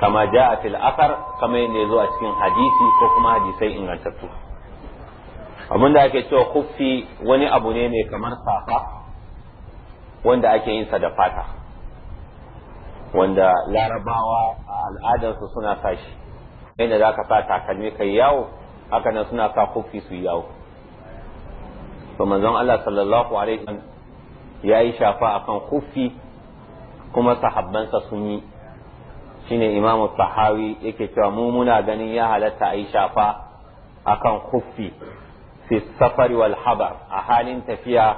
kama ja a fil'akar asar kama yadda ya a cikin hadisi ko kuma hadisai ingantattu abin da ake cewa kuffi wani abu ne mai kamar safa wanda ake yin sa da fata wanda larabawa a al'adarsu suna sa shi yadda za ka sa takalmi kai yawo haka nan suna sa kufi su yawo to manzon Allah sallallahu alaihi wasallam ya yi shafa akan kufi kuma sahabbansa sun yi shine imamu tahawi yake cewa mu muna ganin ya halatta a yi shafa a kan kuffi fi safari wal habar a halin tafiya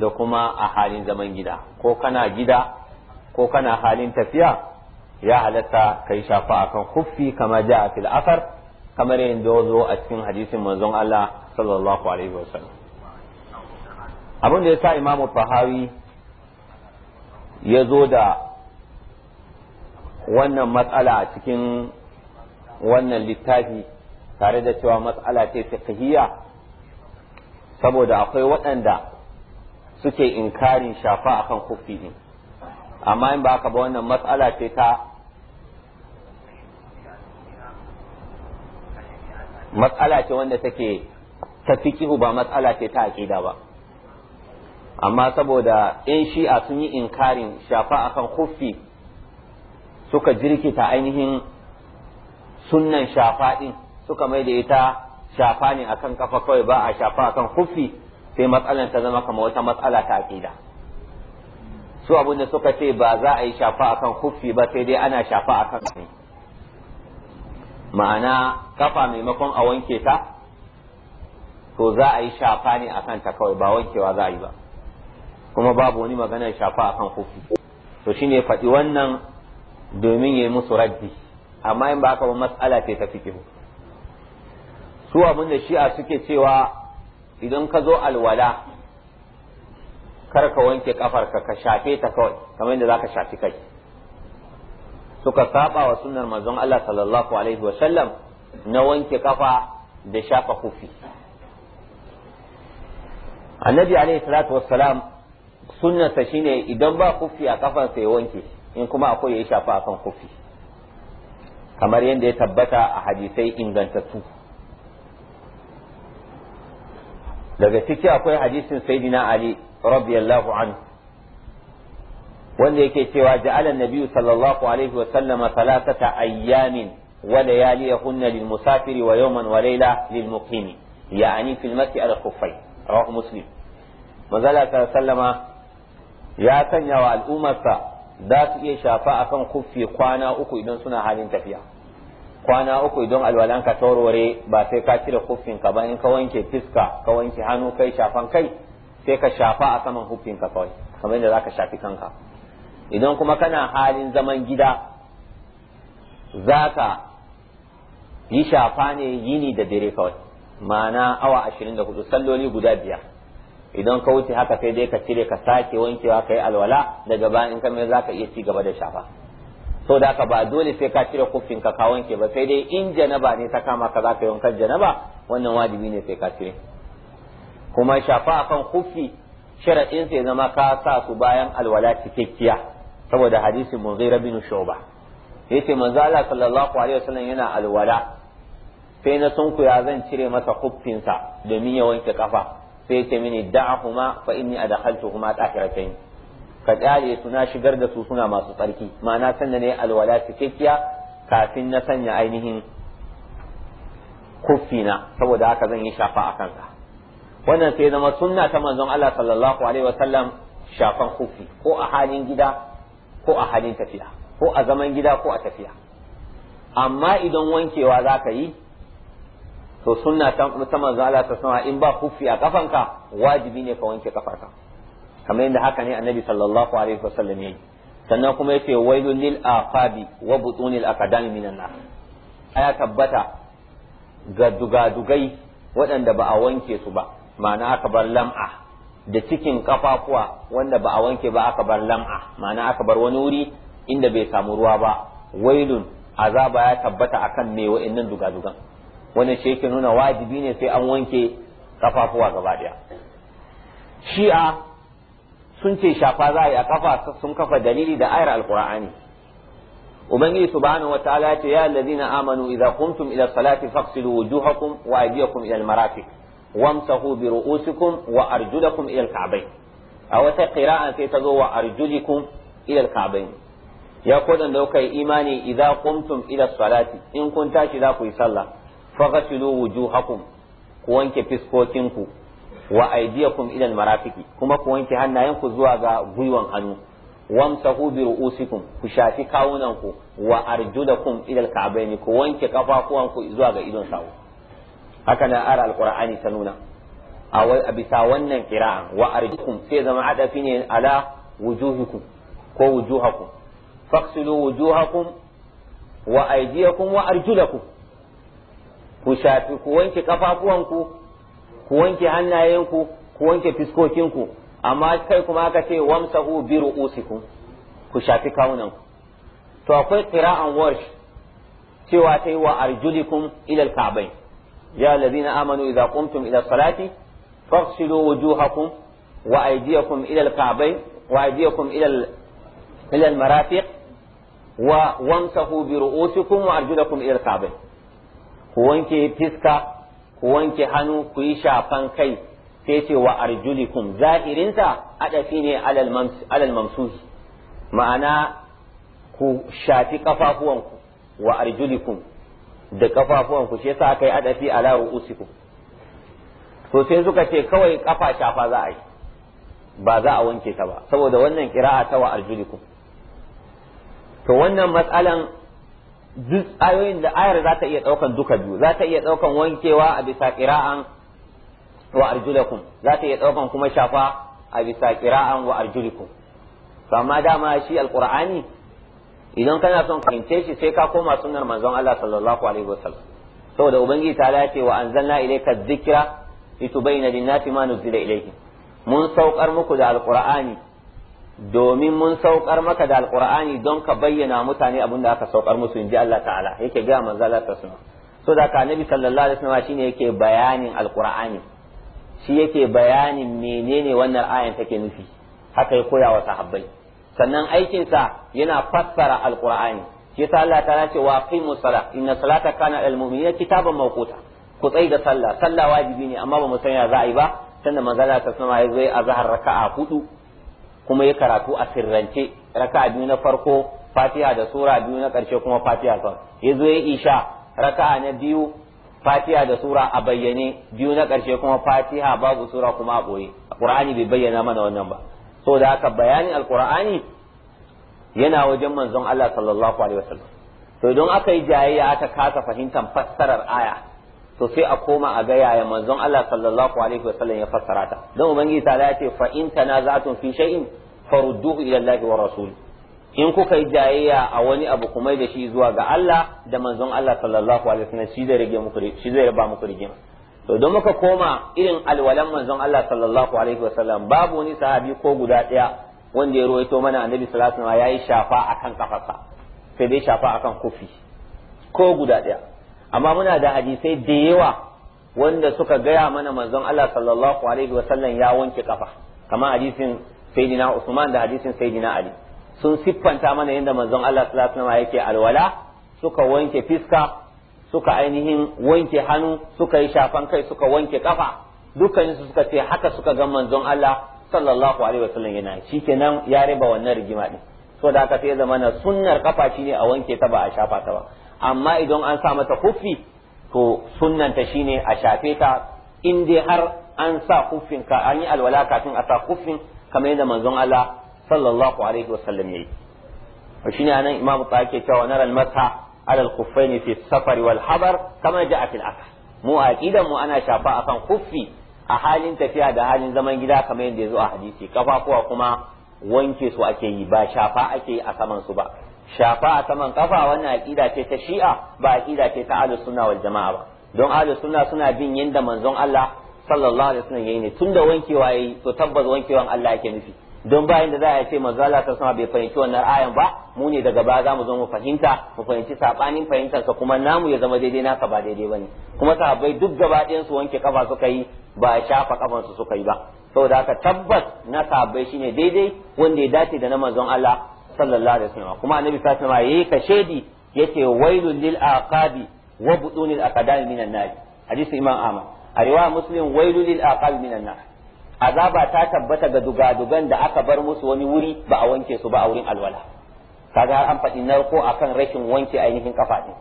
da kuma a halin zaman gida ko kana gida ko kana halin tafiya ya halatta ka yi shafa a kan kuffi kama ja a fil asar kamar yin zo a cikin hadisin manzon Allah sallallahu alaihi wasallam abin da ya sa imamu tahawi ya zo da wannan matsala a cikin wannan littafi tare da cewa matsala ce fiqhiyya saboda akwai waɗanda suke inkarin shafa akan kufi din amma in ba ka ba wannan matsala ce ta matsala ce wanda take ta fikihu ba matsala ce ta aƙida ba amma saboda shi shi'a sun yi inkarin shafa akan kufi suka jirkita ainihin sunnan shafa suka mai da ita shafa ne akan kafa kawai ba a shafa akan kufi sai matsalan ta zama kamar wata matsala ta aqida su abin da suka ce ba za a yi shafa akan kufi ba sai dai ana shafa akan kai ma'ana kafa maimakon a wanke ta to za a yi shafa ne akan ta kawai ba wankewa za a yi ba kuma babu wani maganar shafa akan kufi to shine faɗi wannan domin yayi musu raddi amma in ba haka ba mas'ala ce ta fiqh su abin da shi'a suke cewa idan ka zo alwala kar ka wanke kafar ka shafe ta kawai kamar yadda zaka shafi kai suka saba wa sunnar manzon Allah sallallahu alaihi wa sallam na wanke kafa da shafa kufi annabi alaihi salatu wassalam sunnarsa shine idan ba kufi a kafansa ya wanke in kuma akwai ya shafa akan kufi kamar yadda ya tabbata a hadisai ingantattu daga ciki akwai hadisin sayyidina ali radiyallahu anhu wanda yake cewa ja'ala Nabi'u sallallahu alaihi wa sallama thalathata ayyamin wa layaliyahunna lil musafiri wa yawman wa layla lil muqimi ya'ani fil masi al khuffay rawahu muslim manzala sallama ya sanya wa al'ummarsa za su iya shafa a kan kuffi kwana uku idan suna halin tafiya kwana uku idan alwalan ka taurore ba sai ka cire kuffin ka ba in ka wanke fiska ka wanke hannu kai shafan kai sai ka shafa a saman kuffin ka kawai kamar yadda zaka shafi kanka idan kuma kana halin zaman gida Za ka yi shafa ne yini da dare kawai ma'ana awa 24 salloli guda biyar idan ka wuce haka sai dai ka cire ka sake wankewa kai alwala daga bayan in ka za ka iya ci gaba da shafa so da ka ba dole sai ka cire kufin ka ka wanke ba sai dai in janaba ne ta kama ka za zaka yankan janaba wannan wajibi ne sai ka cire kuma shafa akan kufi sharadin sai zama ka sa su bayan alwala cikakkiya saboda hadisi Mughira bin Ya yace manzo Allah sallallahu alaihi wasallam yana alwala sai na sunkuya zan cire masa sa domin ya wanke kafa sai ce mini kuma fa inni adkhaltuhuma tahiratayn ka tsare su na shigar da su suna masu tsarki ma'ana sanna ne alwala cikakkiya kafin na sanya ainihin kuffina saboda haka zan yi shafa a kanka wannan sai zama sunna ta manzon Allah sallallahu alaihi wasallam shafan kufi ko a halin gida ko a halin tafiya ko a zaman gida ko a tafiya amma idan wankewa za ka yi to sunna ta ta manzo Allah ta sama in ba kufi a ka wajibi ne ka wanke kafarka kamar yadda haka ne annabi sallallahu alaihi wasallam yayi sannan kuma yake wailul lil afabi wa butunil aqdami minan nar aya tabbata ga dugadugai waɗanda ba a wanke su ba ma'ana aka bar lam'a da cikin kafafuwa wanda ba a wanke ba aka bar lam'a ma'ana aka bar wani wuri inda bai samu ruwa ba wailun azaba ya tabbata akan me wa'annan dugadugan wannan shi yake nuna wajibi ne sai an wanke kafafuwa gaba daya shi'a sun ce shafa za a yi a kafa sun kafa dalili da ayar alqur'ani ubangiji subhanahu wataala ya ce ya allazina amanu idza qumtum ila salati faghsilu wujuhakum wa aydiyakum ila almarafiq wamsahu bi ru'usikum wa arjulakum ila alka'bayn a wata qira'a sai ta zo wa arjulikum ila alka'bayn ya kodan da kai imani idza qumtum ila salati in kun tashi za ku yi sallah faghsilu wujuhakum ku wanke fiskokinku wa aydiyakum ila marafiki kuma ku wanke hannayenku zuwa ga gwiwan hannu wamsahu bi ru'usikum ku shafi kawunanku wa arjulakum ila alka'bayn ku wanke kafafuwanku zuwa ga idon sawu haka na ara alqur'ani ta nuna a bisa wannan kira'a wa arjulakum sai zama adafi ne ala wujuhikum ko wujuhakum faghsilu wujuhakum wa aydiyakum wa arjulakum ku shafi ku wanke kafafuwanku ku wanke hannayenku ku wanke fiskokinku amma kai kuma aka ce wamsahu bi ru'usikum ku shafi kawunanku to akwai qira'an warsh cewa ta wa arjulikum ila al-ka'bayn ya allazina amanu idza qumtum ila salati faghsilu wujuhakum wa aydiyakum ila al-ka'bayn wa aydiyakum ila ila al-marafiq wa wamsahu bi ru'usikum wa arjulakum ila al-ka'bayn ku wanke fiska ku wanke hannu ku yi shafan kai sai ce wa arjulikum zahirinsa adafi ne alal mamsus ma'ana ku shafi kafafuwanku wa arjulikum da kafafuwanku shi yasa aka yi adafi ala ru'usikum to sai suka ce kawai kafa shafa za a yi ba za a wanke ta ba saboda wannan kira'a ta wa arjulikum to wannan matsalan duk ayoyin da ayar za ta iya ɗaukan duka biyu za ta iya ɗaukan wankewa a bisa ƙira'an wa arjulakum za ta iya ɗaukan kuma shafa a bisa ƙira'an wa arjulikum to amma dama shi alqur'ani idan kana son fahimce shi sai ka koma sunnar manzon Allah sallallahu alaihi wasallam saboda ubangiji ta ce wa anzalna ilayka dhikra litubayyana lin-nasi ma nuzila ilayhim mun saukar muku da alqur'ani domin mun saukar maka da alqur'ani don ka bayyana mutane abin da aka saukar musu inji Allah ta'ala yake ga manzo Allah sallallahu so da ka nabi sallallahu alaihi wasallam shine yake bayanin alqur'ani shi yake bayanin menene wannan ayan take nufi haka ya koya wa sahabbai sannan aikinsa yana fassara alqur'ani shi ta Allah ta'ala ce wa aqimus sala inna salata kana lil mu'minina kitaban mawquta ku tsai da sallah sallah wajibi ne amma ba mu san ya za a yi ba tunda manzo Allah ta'ala alaihi ya zo a zahar raka'a hudu kuma ya karatu a sirrance raka biyu na farko fatiha da sura biyu na karshe kuma fatiha son. ya zo ya isha raka na biyu fatiha da sura a bayyane biyu na karshe kuma fatiha babu sura kuma a ɓoye qur'ani bai bayyana mana wannan ba so da haka bayanin alƙur'ani yana wajen manzon Allah sallallahu alaihi wasallam to idan aka yi jayayya aka kasa fahimtar fassarar aya to sai a koma a ga yaya manzon Allah sallallahu alaihi wasallam ya fassara ta dan ubangiji ta ya ce fa in tanaza'tum fi shay'in farudduhu ila Allah wa rasul in kuka yi jayayya a wani abu kuma da shi zuwa ga Allah da manzon Allah sallallahu alaihi wasallam shi zai rage muku shi zai ba muku rigima to don muka koma irin alwalan manzon Allah sallallahu alaihi wasallam babu wani sahabi ko guda daya wanda ya ruwaito mana annabi sallallahu alaihi wasallam yayi shafa akan kafarsa sai dai shafa akan kufi ko guda daya amma muna da hadisai da yawa wanda suka gaya mana manzon Allah sallallahu alaihi wasallam ya wanke kafa kamar hadisin sayyidina Usman da hadisin sayyidina Ali sun siffanta mana yadda manzon Allah sallallahu alaihi wasallam yake alwala suka wanke fiska suka ainihin wanke hannu suka yi shafan kai suka wanke kafa dukkaninsu suka ce haka suka ga manzon Allah sallallahu alaihi wasallam yana shikenan ya riba wannan rigima din so da aka sai zamana sunnar kafa shine a wanke ta ba a shafa ta ba amma idan an sa mata kuffi to sunnanta shine a shafe ta in dai har an sa kufin ka an yi alwala kafin a sa kufin kamar yadda manzon Allah sallallahu alaihi wasallam yayi to shine anan imam ta yake cewa naral mata alal kuffaini fi safari wal habar kama ja'a fil akal mu aqidan mu ana shafa akan kuffi a halin tafiya da halin zaman gida kamar yadda ya zo a hadisi kafafuwa kuma wanke su ake yi ba shafa ake yi a saman su ba shafa a saman kafa wannan aqida ce ta shi'a ba aqida ce ta ahlus sunna wal jama'a ba don ahlus sunna suna bin yanda manzon Allah sallallahu alaihi wasallam yayi ne da wankewa yayi to tabbas wankewan Allah yake nufi don bayan da za a ce manzo Allah ta sama bai fahimci wannan ayan ba mu ne daga baya zamu zo mu fahimta mu fahimci sabanin fahimtar sa kuma namu ya zama daidai naka ba daidai bane kuma sahabbai duk gaba ɗayan su wanke kafa suka yi ba shafa kafan su suka yi ba saboda haka tabbas na sahabbai shine daidai wanda ya dace da na manzon Allah sallallahu alaihi wasallam kuma annabi sallallahu alaihi wasallam yayi kashedi yace wailul lil aqabi wa budunil aqdami minan nar hadisi imam ahmad a riwaya muslim wailul lil aqabi minan nar azaba ta tabbata ga dugadugan da aka bar musu wani wuri ba a wanke su ba a wurin alwala kaga an faɗi narko akan rashin wanke ainihin kafa din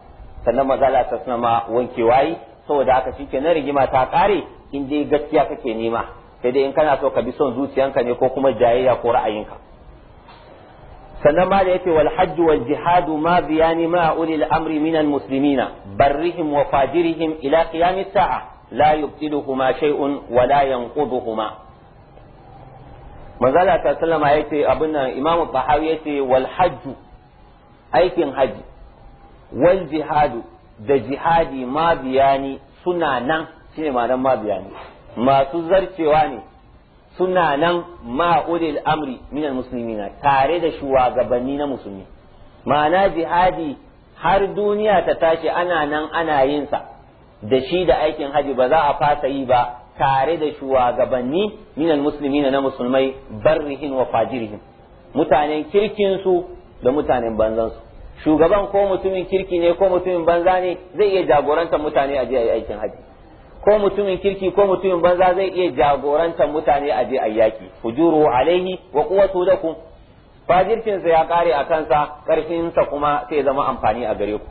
sannan mazala ta sanama wanke wayi saboda haka shi na rigima ta kare in dai gaskiya kake nema sai dai in kana so ka bi son zuciyanka ne ko kuma jayayya ko ra'ayinka sannan ma da yace wal hajj wal jihad ma biyani ma amri minal muslimina barrihim wa fajirihim ila qiyamis sa'a la yubtiluhuma shay'un wa la yanquduhuma sallama yace abin nan imam bahawi yace wal aikin haji wal jihadu da jihadi ma biyani suna nan shine ma'anar ma biyani masu zarcewa ne suna nan ma amri amri minal na tare da shugabanni na musulmi ma'ana jihadi har duniya ta tashi ana nan ana yin sa da shi da aikin haji ba za a fasa yi ba tare da shugabanni minan muslimina na musulmai barrihin wa fajirihin mutanen kirkin su da mutanen banzan su shugaban ko mutumin kirki ne ko mutumin banza ne zai iya jagorantar mutane a je aikin haji ko mutumin kirki ko mutumin banza zai iya jagorantar mutane a je ayyaki hujuru alaihi wa quwwatu lakum fajircin ya kare a kansa karfin sa kuma sai zama amfani a gare ku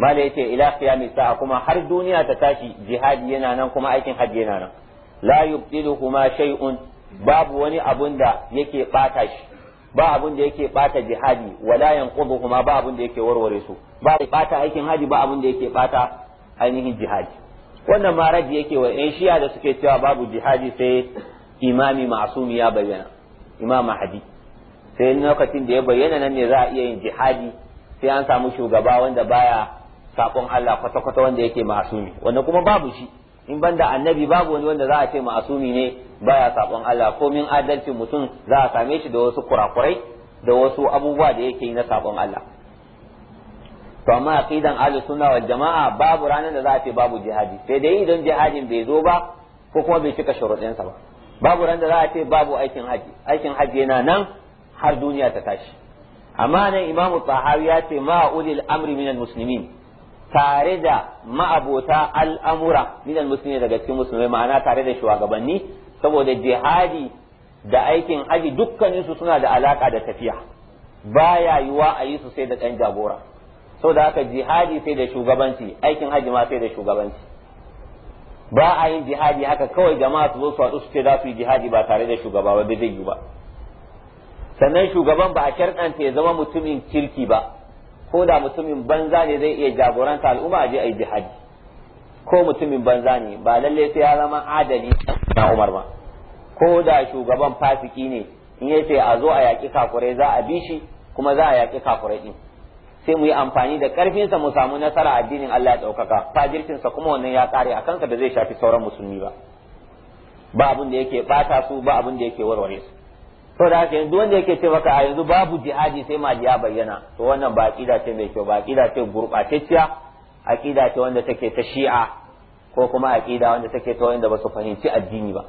mala yace ila qiyamis sa'a kuma har duniya ta tashi jihadi yana nan kuma aikin hajji yana nan la yubtiluhuma shay'un babu wani abun da yake bata shi ba abun da yake bata jihadi wala yanquduhuma ba abun da yake warware su ba bata aikin haji ba abun da yake bata ainihin jihadi wannan ma raji yake wa yan shiya da suke cewa babu jihadi sai imami masumi ya bayyana imam hadi sai lokacin da ya bayyana nan ne za a iya yin jihadi sai an samu shugaba wanda baya sakon Allah kwata kwata wanda yake masumi. wanda kuma babu shi in banda annabi babu wani wanda za a ce masumi ne baya sakon Allah ko komin adalcin mutum za a same shi da wasu kurakurai da wasu abubuwa da yake yi na sakon Allah to amma aqidan ahlus sunna wal jama'a babu ranar da za a ce babu jihadi sai dai idan jihadin bai zo ba ko kuma bai cika shuruɗinsa ba babu ran da za a ce babu aikin haji aikin haji yana nan har duniya ta tashi amma nan imamu tahawi ya ce ma ulil amri minal muslimin tare da ma'abota al'amura minal muslimin daga cikin musulmai ma'ana tare da shugabanni saboda jihadi da aikin haji dukkaninsu suna da alaka da tafiya baya yiwa a yi su sai da ɗan jagora da haka jihadi sai da shugabanci aikin haji ma sai da shugabanci ba a yin jihadi haka kawai jama'a su zo su haɗu su ce za su yi jihadi ba tare da shugaba ba zai yi ba sannan shugaban ba a sharɗanta ya zama mutumin kirki ba ko da mutumin banza ne zai iya jagoranta al'umma a je a yi jihadi ko mutumin banza ne ba lalle sai ya zama adali na Umar ba ko da shugaban fasiki ne in ya yace a zo a yaƙi kakurai za a bi shi kuma za a yaƙi kakurai din sai mu yi amfani da karfinsa mu samu nasara addinin Allah ya ɗaukaka sa kuma wannan ya kare a kansa da zai shafi sauran musulmi ba ba abin da yake bata su ba abin da yake warware su to da haka yanzu wanda yake ce maka a yanzu babu jihadi sai ma ya bayyana to wannan ba aqida ce mai kyau ba aqida ce gurbatacciya aqida ce wanda take ta shi'a ko kuma aqida wanda take ta wanda ba su fahimci addini ba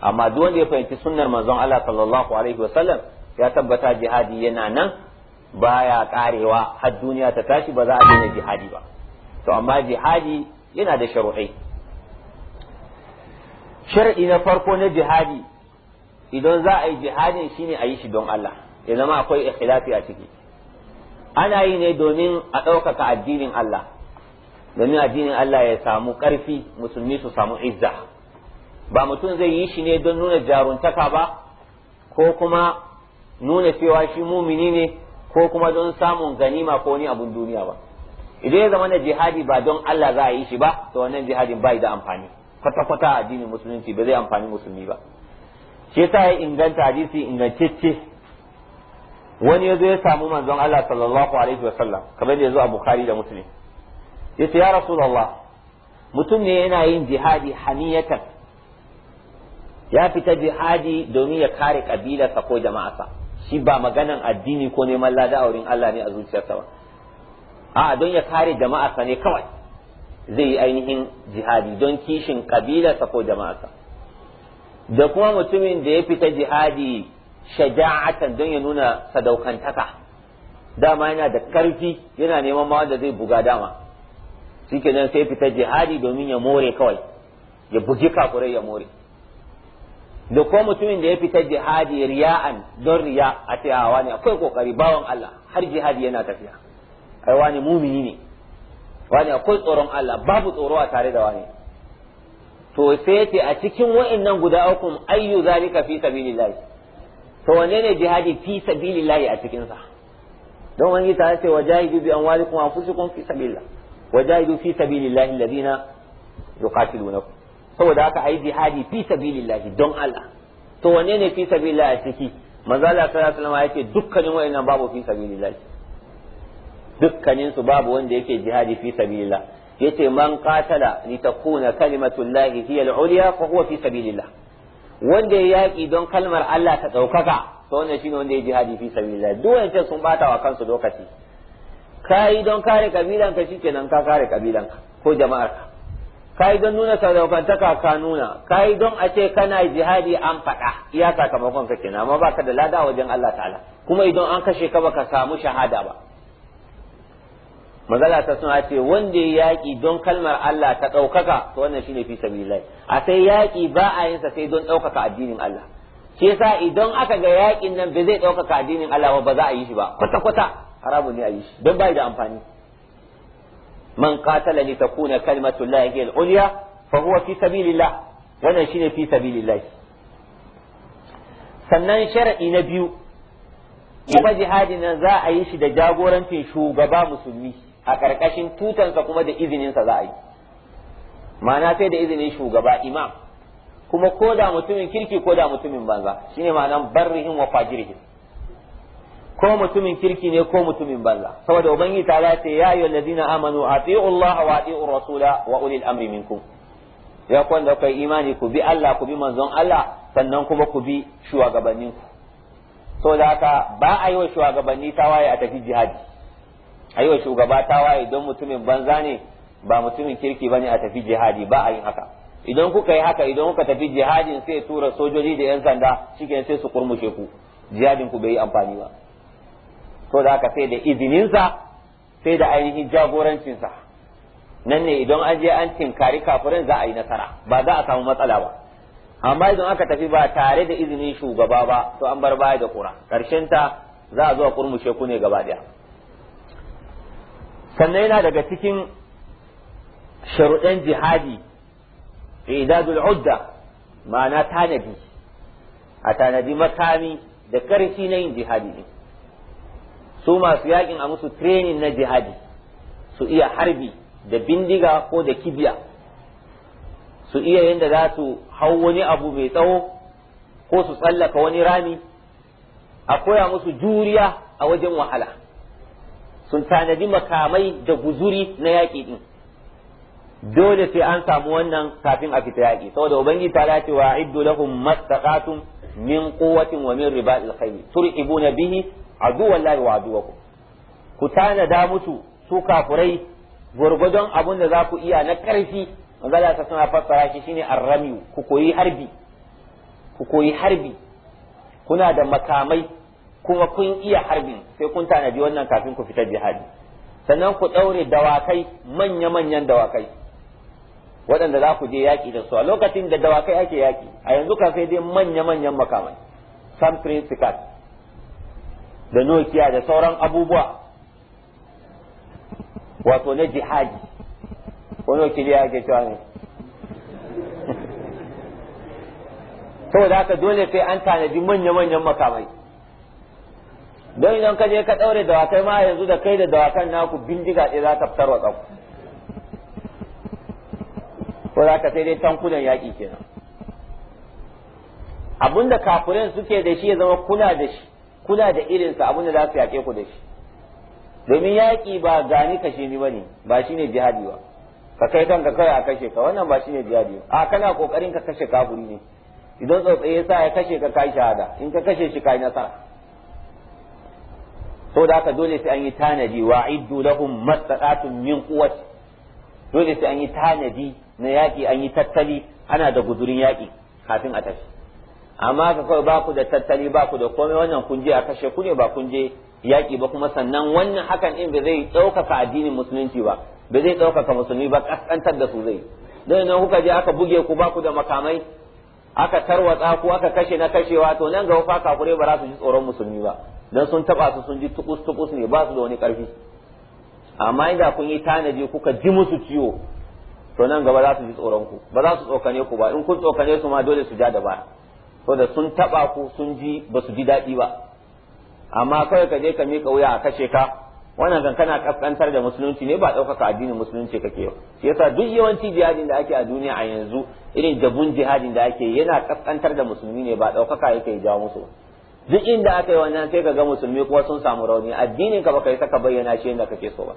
amma duk wanda ya fahimci sunnar manzon Allah sallallahu alaihi wasallam ya tabbata jihadi yana nan baya karewa har duniya ta tashi ba za a daina jihadi ba to amma jihadi yana da sharuɗai sharaɗi na farko na jihadi idan za a yi jihadin shine a yi shi don Allah ya zama akwai ikhilafi a ciki ana yi ne domin a ɗaukaka addinin Allah domin addinin Allah ya samu ƙarfi musulmi su samu izza ba mutum zai yi shi ne don nuna jaruntaka ba ko kuma nuna cewa shi mumini ne ko kuma don samun ganima ko wani abun duniya ba idan ya zama na jihadi ba don Allah za a yi shi ba to wannan jihadin bai da amfani kwata kwata addinin musulunci ba zai amfani musulmi ba shi yasa ya inganta hadisi ingantacce wani yazo ya samu manzon Allah sallallahu alaihi wa sallam kamar da ya a Bukhari da Muslim yace ya rasulullah mutum ne yana yin jihadi haniyatan ya fita jihadi domin ya kare kabilarsa ko jama'arsa shi ba maganan addini ko neman lada a wurin Allah ne a zuciyarsa ba a don ya kare jama'arsa ne kawai zai yi ainihin jihadi don kishin kabilarsa ko jama'arsa da kuma mutumin da ya fita jihadi shaja'atan don ya nuna sadaukantaka dama yana da karfi yana neman ma wanda zai buga dama shikenan sai fita jihadi domin ya more kawai ya bugi kakurai ya more da ko mutumin da ya fita jihadi riya'an don riya a ce a ah, wani akwai kokari bawan Allah har jihadi yana tafiya ai wani mumini ne wani akwai tsoron Allah babu tsoro a tare da wani to sai ce a cikin wa'annan guda uku ayyu zalika fi sabilillahi to wanne ne jihadi fi sabilillahi a cikin sa don wani ta ce wajahidu bi amwalikum anfusikum fi sabilillah wajahidu fi sabilillahi alladhina yuqatilunakum saboda haka ayi jihadi fi sabilillahi don Allah to wanne ne fi sabilillahi a ciki manzo Allah sallallahu alaihi wasallam yake dukkanin wayannan babu fi sabilillahi dukkanin su babu wanda yake jihadi fi sabilillah yace man qatala li takuna kalimatullahi hiya al-ulya fa huwa fi sabilillah wanda ya yaki don kalmar Allah ta daukaka to wannan shine wanda ya jihadi fi sabilillah duk wanda sun bata wa kansu lokaci kai don kare kabilanka shikenan ka kare kabilanka ko jama'arka kai don nuna sadaukantaka ka nuna kai don a ce kana jihadi an faɗa iya sakamakon ka kenan amma baka da lada wajen Allah ta'ala kuma idan an kashe ka baka samu shahada ba magana ta suna ce wanda ya yaƙi don kalmar Allah ta ɗaukaka to wannan shine fi sabilillah a sai yaƙi ba a yin sa sai don ɗaukaka addinin Allah shi yasa idan aka ga yaƙin nan ba zai ɗaukaka addinin Allah ba ba za a yi shi ba kwata kwata haramun ne a yi shi don bai da amfani man qatala li takuna kalimatu llahi hiya al-ulya fa huwa fi sabilillah wannan shine fi sabilillah sannan shari'i na biyu kuma jihadi nan za a yi shi da jagorancin shugaba musulmi a ƙarƙashin tutansa kuma da izininsa za a yi ma'ana sai da izinin shugaba imam kuma ko da mutumin kirki ko da mutumin banza shine ma'anan barrihin wa fajirihim ko mutumin kirki ne ko mutumin balla saboda ubangiji ta ce ya ayu allazina amanu ati'u Allah wa ati'u rasula wa ulil amri minkum ya kun da kai imani ku bi Allah ku bi manzon Allah sannan kuma ku bi shugabannin ku saboda haka ba a yi wa shugabanni tawaye a tafi jihadi a yi wa shugaba tawaye don mutumin banza ne ba mutumin kirki bane a tafi jihadi ba a yin haka idan kuka yi haka idan kuka tafi jihadin sai tura sojoji da yan sanda shikenan sai su kurmushe ku jihadin ku bai yi amfani ba ko da haka sai da izininsa sai da ainihin jagorancinsa nan ne idan an je an tinkari kafirin za a yi nasara ba za a samu matsala ba amma idan aka tafi ba tare da izinin shugaba ba to an bar baya da kura karshen ta za a zo a kurmushe ku ne gaba daya sannan yana daga cikin sharuɗan jihadi idadul udda ma'ana tanadi a tanadi makami da karfi na yin jihadi ne su masu yakin a musu training na jihadi su iya harbi da bindiga ko da kibiya su iya yadda za su hau wani abu mai tsawo ko su tsallaka wani rami a koya musu juriya a wajen wahala sun tanadi makamai da guzuri na yaƙi din dole sai an samu wannan kafin a fita yaƙi saboda ubangiji ta lati wa iddu lahum mastaqatum min quwwatin wa min ribatil khayl turibuna bihi wallahi wa azu ku Ku tanada musu su kafurai gwargwadon abun da za ku iya na ƙarfi manzala ta suna fassara shi shine arramiyu ku koyi harbi ku koyi harbi kuna da makamai kuma kun iya harbin sai kun tanadi wannan kafin ku fita jihadi sannan ku ɗaure dawakai manya-manyan dawakai waɗanda za ku je yaƙi da su a lokacin da dawakai ake yaƙi a yanzu ka sai dai manya-manyan makamai samfurin sikat da nokiya da sauran abubuwa wato na jihadi wani wakili ya ke cewa ne saboda haka dole sai an tanadi manya-manyan makamai don idan ka je ka ɗaure dawakai ma yanzu da kai da dawakan naku bindiga ɗaya za ta fitar wa ko za ka sai dai tankunan yaƙi kenan abinda kafirin suke da shi ya zama kuna da shi kuna da irinsa abin da za su yaƙe ku da shi domin yaƙi ba gani kashe ni bane ba shine jihadi ba ka kai kanka kai a kashe ka wannan ba shine jihadi ba a kana kokarin ka kashe kafuri ne idan tsotsaye yasa ya kashe ka kai shahada in ka kashe shi kai nasara to da haka dole sai an yi tanadi wa iddu lahum mastata'atun min quwwat dole sai an yi tanadi na yaƙi an yi tattali ana da gudurin yaƙi kafin a tafi amma ka kawai ba ku da tattali ba ku da komai wannan kun je a kashe ku ne ba kun je yaƙi ba kuma sannan wannan hakan in ba zai ɗaukaka addinin musulunci ba ba zai ɗaukaka musulmi ba ƙasƙantar da su zai don nan kuka je aka buge ku ba ku da makamai aka tarwatsa ku aka kashe na kashewa to nan gaba fa kafure ba za su ji tsoron musulmi ba don sun taɓa su sun ji tukus tukus ne ba su da wani ƙarfi amma inda kun yi tanaji kuka ji musu ciwo to nan gaba za su ji tsoron ku ba za su tsokane ku ba in kun tsokane su ma dole su ja da baya ko da sun taba ko sun ji ba su ji daɗi ba amma kawai ka je ka miƙa wuya a kashe ka wannan kan kana kaskantar da musulunci ne ba ɗaukaka addinin musulunci kake ba shi yasa duk yawanci jihadin da ake a duniya a yanzu irin jabun jihadin da ake yana kaskantar da musulmi ne ba ɗaukaka yake jawo musu duk inda aka yi wannan sai ka ga musulmi kuma sun samu rauni addinin ka baka yi saka bayyana shi yadda kake so ba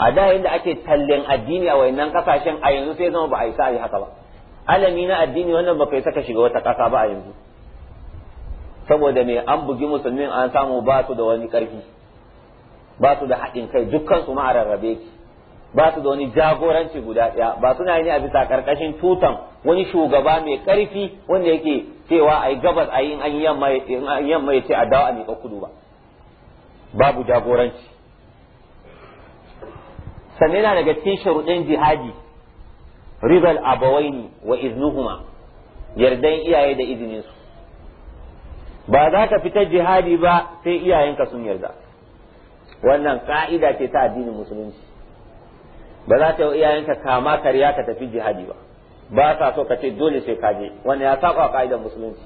a da inda ake tallen addini a wayannan kasashen a yanzu sai zama ba a yi sa haka ba alami na addini wannan baka kai saka shiga wata ƙasa ba a yanzu saboda me an bugi musulmin an samu ba su da wani ƙarfi ba su da haɗin kai dukkan su rarrabe ki ba su da wani jagoranci guda ɗaya ba suna yi a bisa ƙarƙashin tutan wani shugaba mai ƙarfi wanda yake cewa a yi gabas a yi an yamma ya ce a dawa a miƙa kudu ba babu jagoranci sannan yana daga cikin sharuɗin jihadi ridal abawaini wa iznuhuma yardan iyaye da izinin su ba za ka fita jihadi ba sai iyayenka sun yarda wannan ka'ida ce ta addinin musulunci ba za ta yi iyayenka kama karya ka tafi jihadi ba ba sa so ka ce dole sai ka je wannan ya saba ka'idar musulunci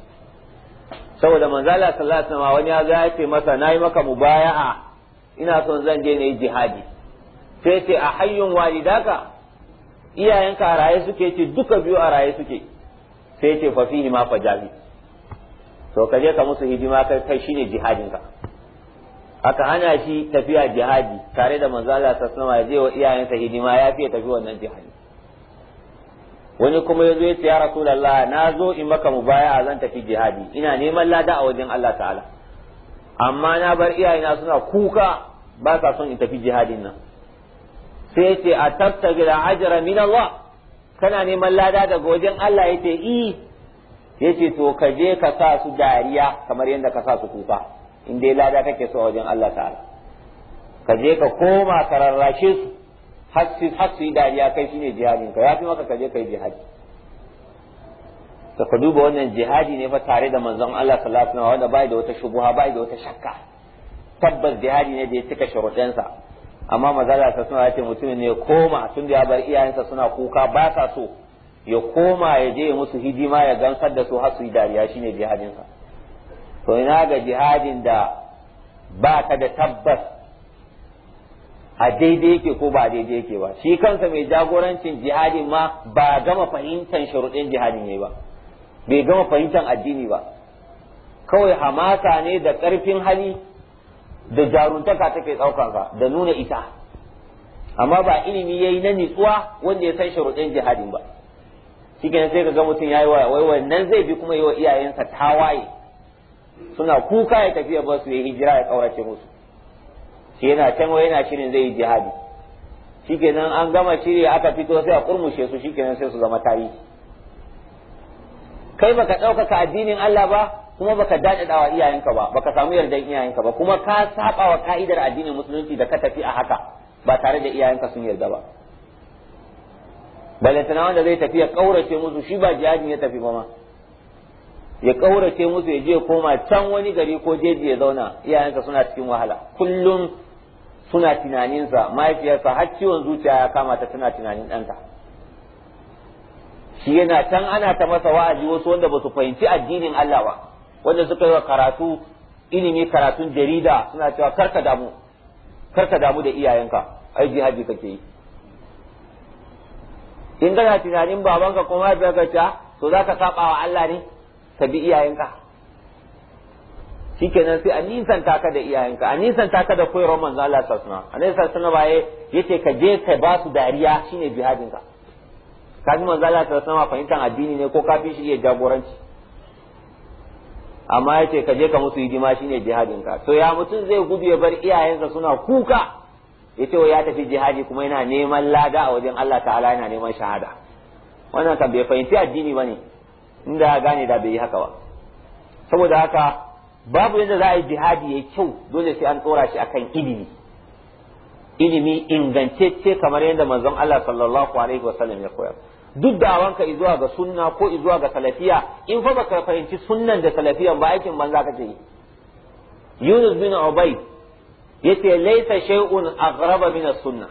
saboda manzala sallallahu alaihi wani ya ga ya masa nayi maka mubaya'a ina son zan je ne jihadi sai ce a hayyun walidaka iyayenka a raye suke ce duka biyu a raye suke sai ce fa fihi ma to kaje ka musu hidima kai kai shine jihadin ka aka hana shi tafiya jihadi tare da manzo Allah sallallahu ya je wa iyayensa hidima ya fiye tafi wannan jihadi wani kuma yazo ya ce ya rasulullah na zo in maka mubaya'a zan tafi jihadi ina neman lada a wajen Allah ta'ala amma na bar iyayena suna kuka ba sa son in tafi jihadin nan sai ya ce a tafta da ajira min Allah kana neman lada daga wajen Allah ya ce i ya ce to ka je ka sa su dariya kamar yadda ka sa su kuka in dai lada kake so a wajen Allah ta'ala ka je ka koma ka rarrashe su har su yi dariya kai shine jihadin ka fi maka ka je kai jihadi to ka duba wannan jihadi ne fa tare da manzon Allah sallallahu alaihi wasallam wanda bai da wata shubuha bai da wata shakka tabbas jihadi ne da ya cika sharuɗansa amma mazala ta suna ce mutumin ne ya koma tun da ya bar iyayensa suna kuka ba sa so ya koma ya je musu hidima ya gansar da su har su yi dariya shine jihadinsa to ina ga jihadin da ba ka da tabbas a daidai yake ko ba daidai yake ba shi kansa mai jagorancin jihadin ma ba gama fahimtar sharuɗin jihadin ne ba bai gama fahimtar addini ba kawai hamasa ne da ƙarfin hali da jaruntaka take ɗaukansa da nuna ita amma ba ilimi yayi na nitsuwa wanda ya san sharuɗin jihadin ba shi sai ka ga mutum yayi wa wai wannan zai bi kuma yi wa iyayensa tawaye suna kuka ya tafiya ba su yi hijira ya kaurace musu shi yana can yana shirin zai yi jihadi shikenan an gama shirye aka fito sai a kurmushe su shikenan sai su zama tarihi kai baka ɗaukaka addinin Allah ba kuma baka dade dawa iyayenka ba baka samu yardan iyayenka ba kuma ka saba wa ka'idar addinin musulunci da ka tafi a haka ba tare da iyayenka sun yarda ba balantana wanda zai tafi ya kaurace musu shi ba jihadin ya tafi ba ma ya kaurace musu ya je koma can wani gari ko jeji ya zauna iyayensa suna cikin wahala kullum suna tunaninsa mahaifiyarsa har ciwon zuciya ya kama ta tana tunanin danta. shi yana can ana ta masa wa'azi wasu wanda ba su fahimci addinin Allah ba wanda suka yi wa karatu ilimi karatun jarida suna cewa karka damu karka damu da iyayenka ai jihadi kake yi in kana tunanin babanka ko mahaifiyarka ta to za ka saba wa Allah ne ka bi iyayenka shikenan sai a nisan taka da iyayenka a nisan taka da koyar manzo Allah sassuna a nisan sassuna baye yace ka je ka ba su dariya shine jihadinka ka ji manzo Allah sassuna fahimtar addini ne ko ka fi shi iya jagoranci amma yace ka je ka musu shi shine jihadin ka to ya mutum zai gudu ya bar iyayensa suna kuka yace wa ya tafi jihadi kuma yana neman lada a wajen Allah ta'ala yana neman shahada wannan kan bai fahimci addini bane inda ya gane da bai yi haka ba saboda haka babu yadda za a yi jihadi ya kyau dole sai an tsora shi akan ilimi ilimi ingantacce kamar yadda manzon Allah sallallahu alaihi wasallam ya koyar duk dawanka izuwa ga sunna ko izuwa ga salafiya in fa baka fahimci sunnan da salafiyan ba aikin banza ka yi. Yunus bin Ubay yace laysa shay'un aghraba min as-sunnah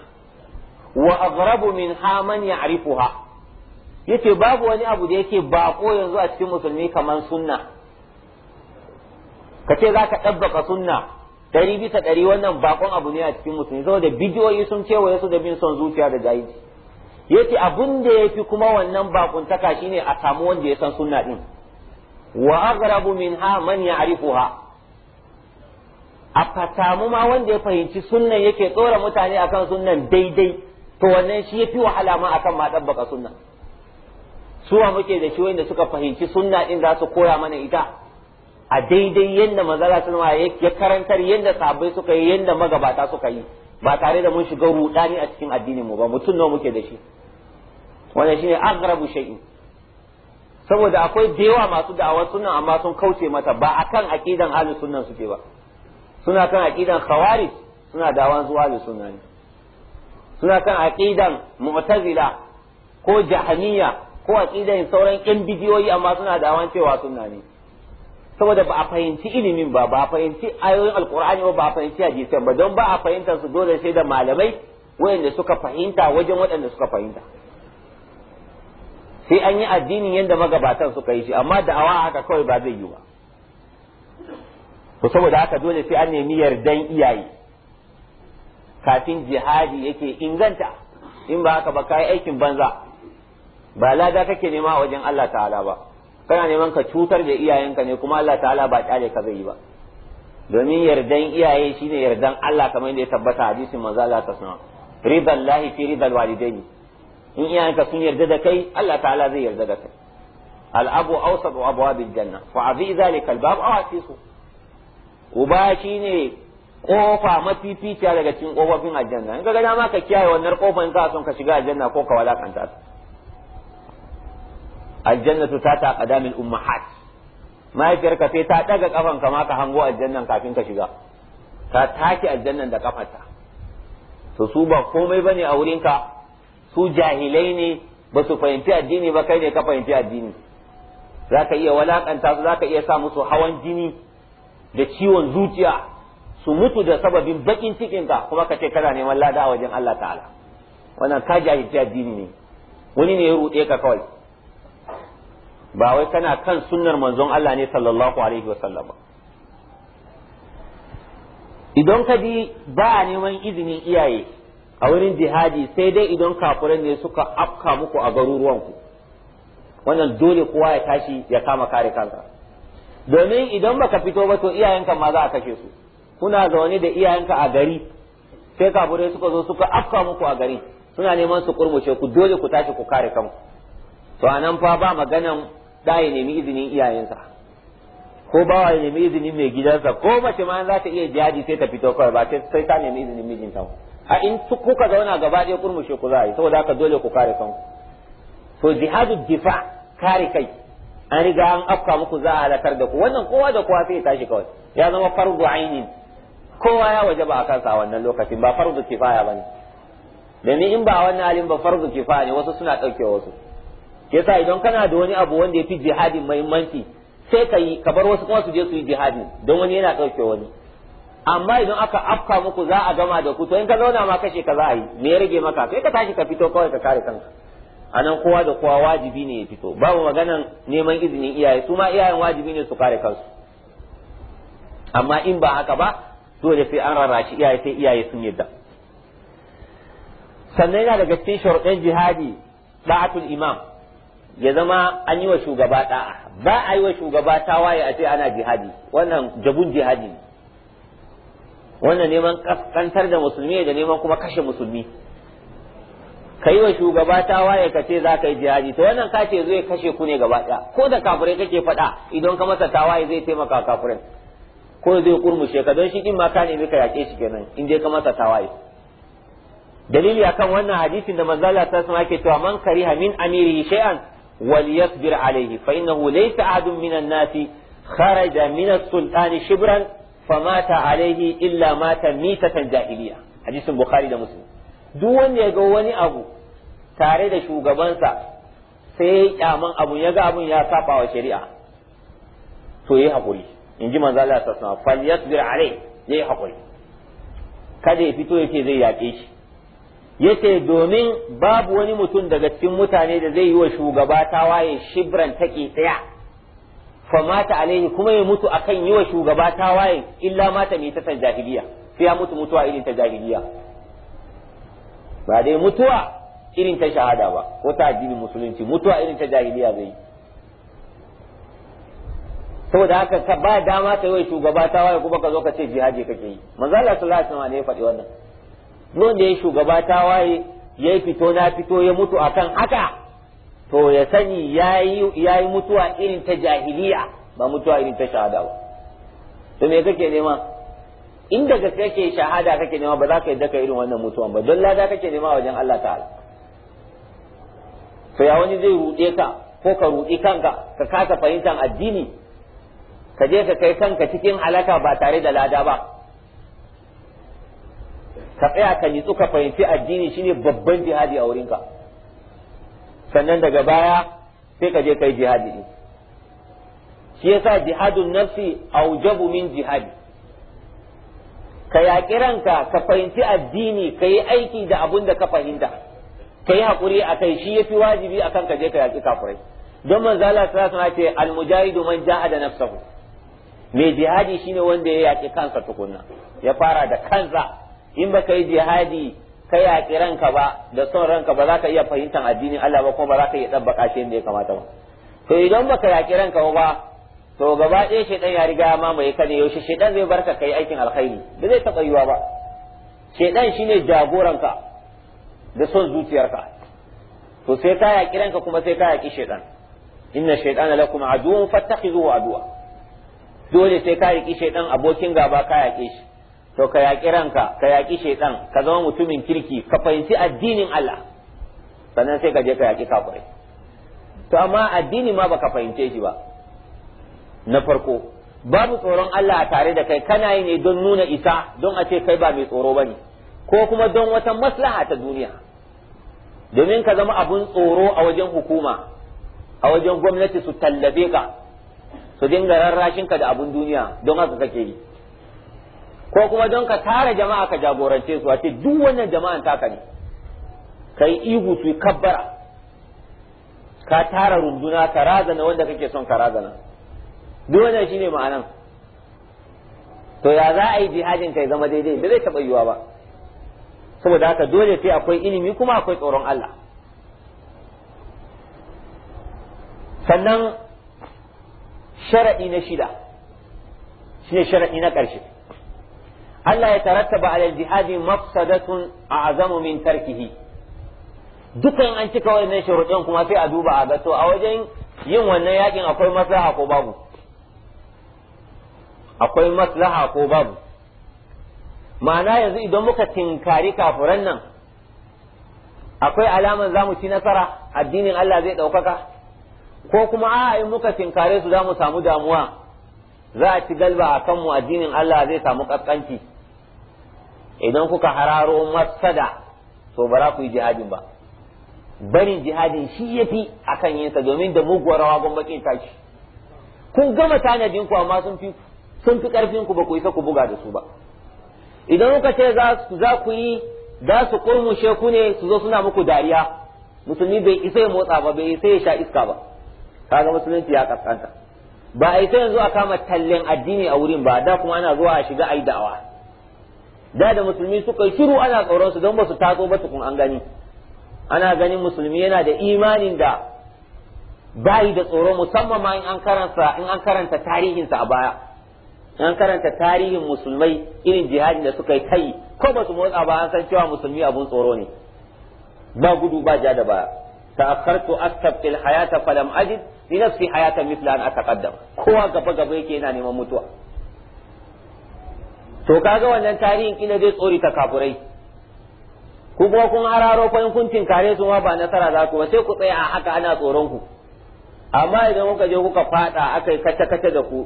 wa aghrabu min ha man ya'rifuha yace babu wani abu da yake bako yanzu a cikin musulmi kamar sunna kace zaka dabbaka sunna dari bisa dari wannan bakon abu ne a cikin musulmi saboda bidiyoyi sun cewa su da bin son zuciya da jahilci yace abun da yafi kuma wannan bakuntaka shine a samu wanda ya san sunna din wa aghrabu minha man ya'rifuha a samu ma wanda ya fahimci sunnan yake tsora mutane akan sunnan daidai to wannan shi yafi wahala ma akan ma dabbaka sunnan suwa muke da shi wanda suka fahimci sunna din za su koya mana ita a daidai yadda manzala sunwa ya karantar yadda sabbai suka yi yadda magabata suka yi ba tare da mun shiga rudani a cikin addinin mu ba mutum nawa muke da shi wannan shine aghrabu shay'in saboda akwai da masu da'awa sunan amma sun kauce mata ba akan aqidan ahli sunna suke ba suna kan aqidan khawarij suna da'awan zuwa ahli sunna ne suna kan aqidan mu'tazila ko jahaniya ko aqidan sauran yan bidiyoyi amma suna da'awan cewa sunna ne saboda ba a fahimci ilimin ba ba a fahimci ayoyin alqur'ani ba ba a fahimci hadisi ba don ba a fahimtar su dole sai da malamai wayanda suka fahimta wajen waɗanda suka fahimta sai an yi addini yadda magabatan suka yi shi amma da awa haka kawai ba zai yi ba saboda haka dole sai an nemi yardan iyaye kafin jihadi yake inganta in ba haka ba kai aikin banza ba lada kake nema wajen Allah ta'ala ba kana neman ka cutar da iyayenka ne kuma Allah ta'ala ba kyale ka zai yi ba domin yardan iyaye shine yardan Allah kamar yadda ya tabbata hadisin manzo Allah ta sanar ridallahi fi ridal walidaini in iyayenka sun yarda da kai Allah ta'ala zai yarda da kai al'abu awsat wa abwabil janna fa abi zalika albab aw atisu uba shine kofa mafificiya daga cikin kofofin aljanna in ka gada ma ka kiyaye wannan kofar ka son ka shiga aljanna ko ka walakanta ta aljannatu ta ta qadamil ummahat mahaifiyarka sai ta daga kafan ka ma ka hango aljannan kafin ka shiga ta take aljannan da kafarta to su ba komai bane a wurinka su jahilai ne ba su fahimci addini ba kai ne ka fahimci addini zaka iya walakanta su zaka iya sa musu hawan jini da ciwon zuciya su mutu da sababin bakin cikin ka kuma ka ce kana neman lada a wajen Allah ta'ala wannan ka jahilci addini ne wani ne ya ruɗe ka kawai ba wai kana kan sunnar manzon Allah ne sallallahu alaihi wa sallam idan ka bi ba neman izinin iyaye a wurin jihadi sai dai idan kafirai ne suka afka muku a garuruwanku wannan dole kowa ya tashi ya kama kare kansa domin idan baka fito ba to iyayenka ma za a kashe su kuna zaune da iyayenka a gari sai kafirai suka zo suka afka muku a gari suna neman su kurmushe ku dole ku tashi ku kare kanku to anan fa ba maganan da ya nemi izinin iyayensa ko bawa ya nemi izinin mai gidansa ko mace ma za ta iya jihadi sai ta fito kawai ba sai ta nemi izinin mijinta ba a in kuka zauna gaba ɗaya kurmushe ku za a yi saboda haka dole ku kare kanku to jihadu difa kare kai an riga an afka muku za a halakar da ku wannan kowa da kowa sai ya tashi kawai ya zama fardu aini kowa ya waje ba a kansa a wannan lokacin ba fardu kifaya ba ne. domin in ba a wannan halin ba fardu kifaya ne wasu suna ɗauke wasu Ke sa idan kana da wani abu wanda ya fi jihadin mahimmanci sai ka yi ka bar wasu kuma su je su yi jihadin. don wani yana ɗauke wani amma idan aka afka muku za a gama da ku to in ka zauna ma kashe ka za a yi me ya rage maka kai ka tashi ka fito kawai ka kare kanka anan kowa da kowa wajibi ne ya fito babu maganan neman izinin iyaye su ma iyayen wajibi ne su kare kansu amma in ba haka ba dole sai an rarrashi iyaye sai iyaye sun yadda sannan yana daga cikin sharuɗin jihadi da'atul imam ya zama an yi wa shugaba da'a ba a yi wa shugaba tawaye a ce ana jihadi wannan jabun jihadi wannan neman kantar da musulmi da neman kuma kashe musulmi kai wa shugaba ta waye ka ce za ka yi jihadi to wannan kace zo ya kashe ku ne gaba daya ko da kafirai kake faɗa idan ka masa tawaye zai taimaka kafirai ko zai kurmushe ka don shi din ma ka nemi ka yaƙe shi kenan in dai ka masa tawaye dalili akan wannan hadisin da manzo Allah sallallahu alaihi cewa man kariha min amirihi shay'an fa innahu laysa adun minan nasi kharaja min as Sultani Shibran. famata alaihi illa mata mitatan jahiliya hadisin bukhari da muslim duk wanda ya ga wani abu tare da shugabansa sai ya kyaman abu ya ga abun ya saba wa shari'a to yi hakuri in ji manzo Allah ta sama fal yasbir alai yayi hakuri kada ya fito yake zai yaƙe shi yace domin babu wani mutum daga cikin mutane da zai yi wa shugaba tawaye shibran take tsaya fa mata alaihi kuma ya mutu akan yi wa shugaba tawaye illa mata mai ta jahiliya sai ya mutu mutuwa irin ta jahiliya ba dai mutuwa irin ta shahada ba ko ta addinin musulunci mutuwa irin ta jahiliya zai yi saboda haka ka ba dama ka yi wa shugaba tawaye kuma ka zo ka ce jihadi kake yi manzo Allah sallallahu alaihi wasallam ne ya faɗi wannan don da ya shugaba tawaye ya fito na fito ya mutu akan haka to ya sani ya yi mutuwa irin ta jahiliya ba mutuwa irin ta shahada ba to me kake nema in da gaske kake shahada kake nema ba za ka yadda ka irin wannan mutuwan ba don lada kake nema wajen Allah ta'ala to ya wani zai ruɗe ka ko ka ruɗi kanka ka kasa fahimtar addini ka je ka kai kanka cikin halaka ba tare da lada ba ka tsaya ka nitsu ka fahimci addini shine babban jihadi a wurinka sannan daga baya sai ka je kai jihadi din shi yasa jihadun nafsi aujabu min jihadi ka yaƙi ranka ka fahimci addini ka yi aiki da abun da ka fahimta ka yi haƙuri a kai shi yafi wajibi a kan ka je ka yaƙi kafurai don manzo Allah sallallahu ce almujahidu man jahada nafsahu mai jihadi shine wanda ya yaƙi kansa tukunna ya fara da kansa in baka yi jihadi ka yaƙi ranka ba da son ranka ba za ka iya fahimtar addinin Allah ba kuma ba za ka iya ɗabbaƙa shi yadda ya kamata ba to idan baka yaƙi ranka ba to gaba ɗaya shaidan ya riga ya mamaye ka yaushe shaidan zai barka kai aikin alkhairi ba zai taɓa yiwa ba shaidan shine jagoranka da son zuciyarka to sai ka yaƙi ranka kuma sai ka yaƙi shaidan inna shaidana lakum aduwwun fattakhidhuhu aduwa dole sai ka yaƙi shaidan abokin gaba ka yaƙe shi to ka yaƙi ranka ka yaƙi shaitan ka zama mutumin kirki ka fahimci addinin Allah sannan sai ka je ka yaƙi kafirai to amma addini ma baka fahimce shi ba na farko babu tsoron Allah a tare da kai kana yi ne don nuna isa don a ce kai ba mai tsoro bane ko kuma don wata maslaha ta duniya domin ka zama abun tsoro a wajen hukuma a wajen gwamnati su tallabe ka su dinga rarrashin ka da abun duniya don haka kake yi ko kuma don ka tara jama'a ka jagorance su a ce duk wannan jama'an taka ne ka yi ihu su kabbara ka tara runduna ka razana wanda kake son ka razana duk wannan shine ma'anan to ya za a yi jihadin kai zama daidai ba zai taɓa yiwuwa ba saboda haka dole sai akwai ilimi kuma akwai tsoron Allah sannan shara'i na shida shine shara'i na ƙarshe Allah ya tarattaba ala jihadi mafsadatun a'zamu min tarkihi dukan an cika wannan sharuɗin kuma sai a duba a ga to a wajen yin wannan yakin akwai maslaha ko babu akwai maslaha ko babu ma'ana yanzu idan muka tinkari kafuran nan akwai alaman zamu ci nasara addinin Allah zai ɗaukaka ko kuma a in muka tinkare su zamu samu damuwa za a ci galba a kanmu addinin Allah zai samu ƙasƙanci idan kuka hararo masada to ba za ku yi jihadin ba barin jihadin shi ya yafi akan yinsa domin da muguwar rawa gwamnatin tashi kun gama tanadin ku amma sun fi sun karfin ku ba ku isa ku buga da su ba idan kuka ce za ku yi za su kurmushe ku ne su zo suna muku dariya musulmi bai isa ya motsa ba bai isa ya sha iska ba kaga musulunci ya kaskanta ba a isa yanzu a kama tallen addini a wurin ba da kuma ana zuwa a shiga ai da'awa da da musulmi suka shiru ana tsoron su don ba su taso ba tukun an gani ana ganin musulmi yana da imanin da bayi da tsoro musamman ma in an karanta in an karanta tarihinsa a baya in an karanta tarihin musulmai irin jihadin da suka yi kai ko ba su motsa ba an san cewa musulmi abun tsoro ne ba gudu ba ja da baya ta'akkartu fil hayata falam ajid li nafsi hayata mithla an ataqaddam kowa gaba gaba yake yana neman mutuwa to kaga wannan tarihin kila zai tsori ta kafurai ku kuma kun hararo fa in kun tinkare su ma ba nasara za ku ba sai ku tsaya a haka ana tsoron ku amma idan kuka je kuka fada aka kace kace da ku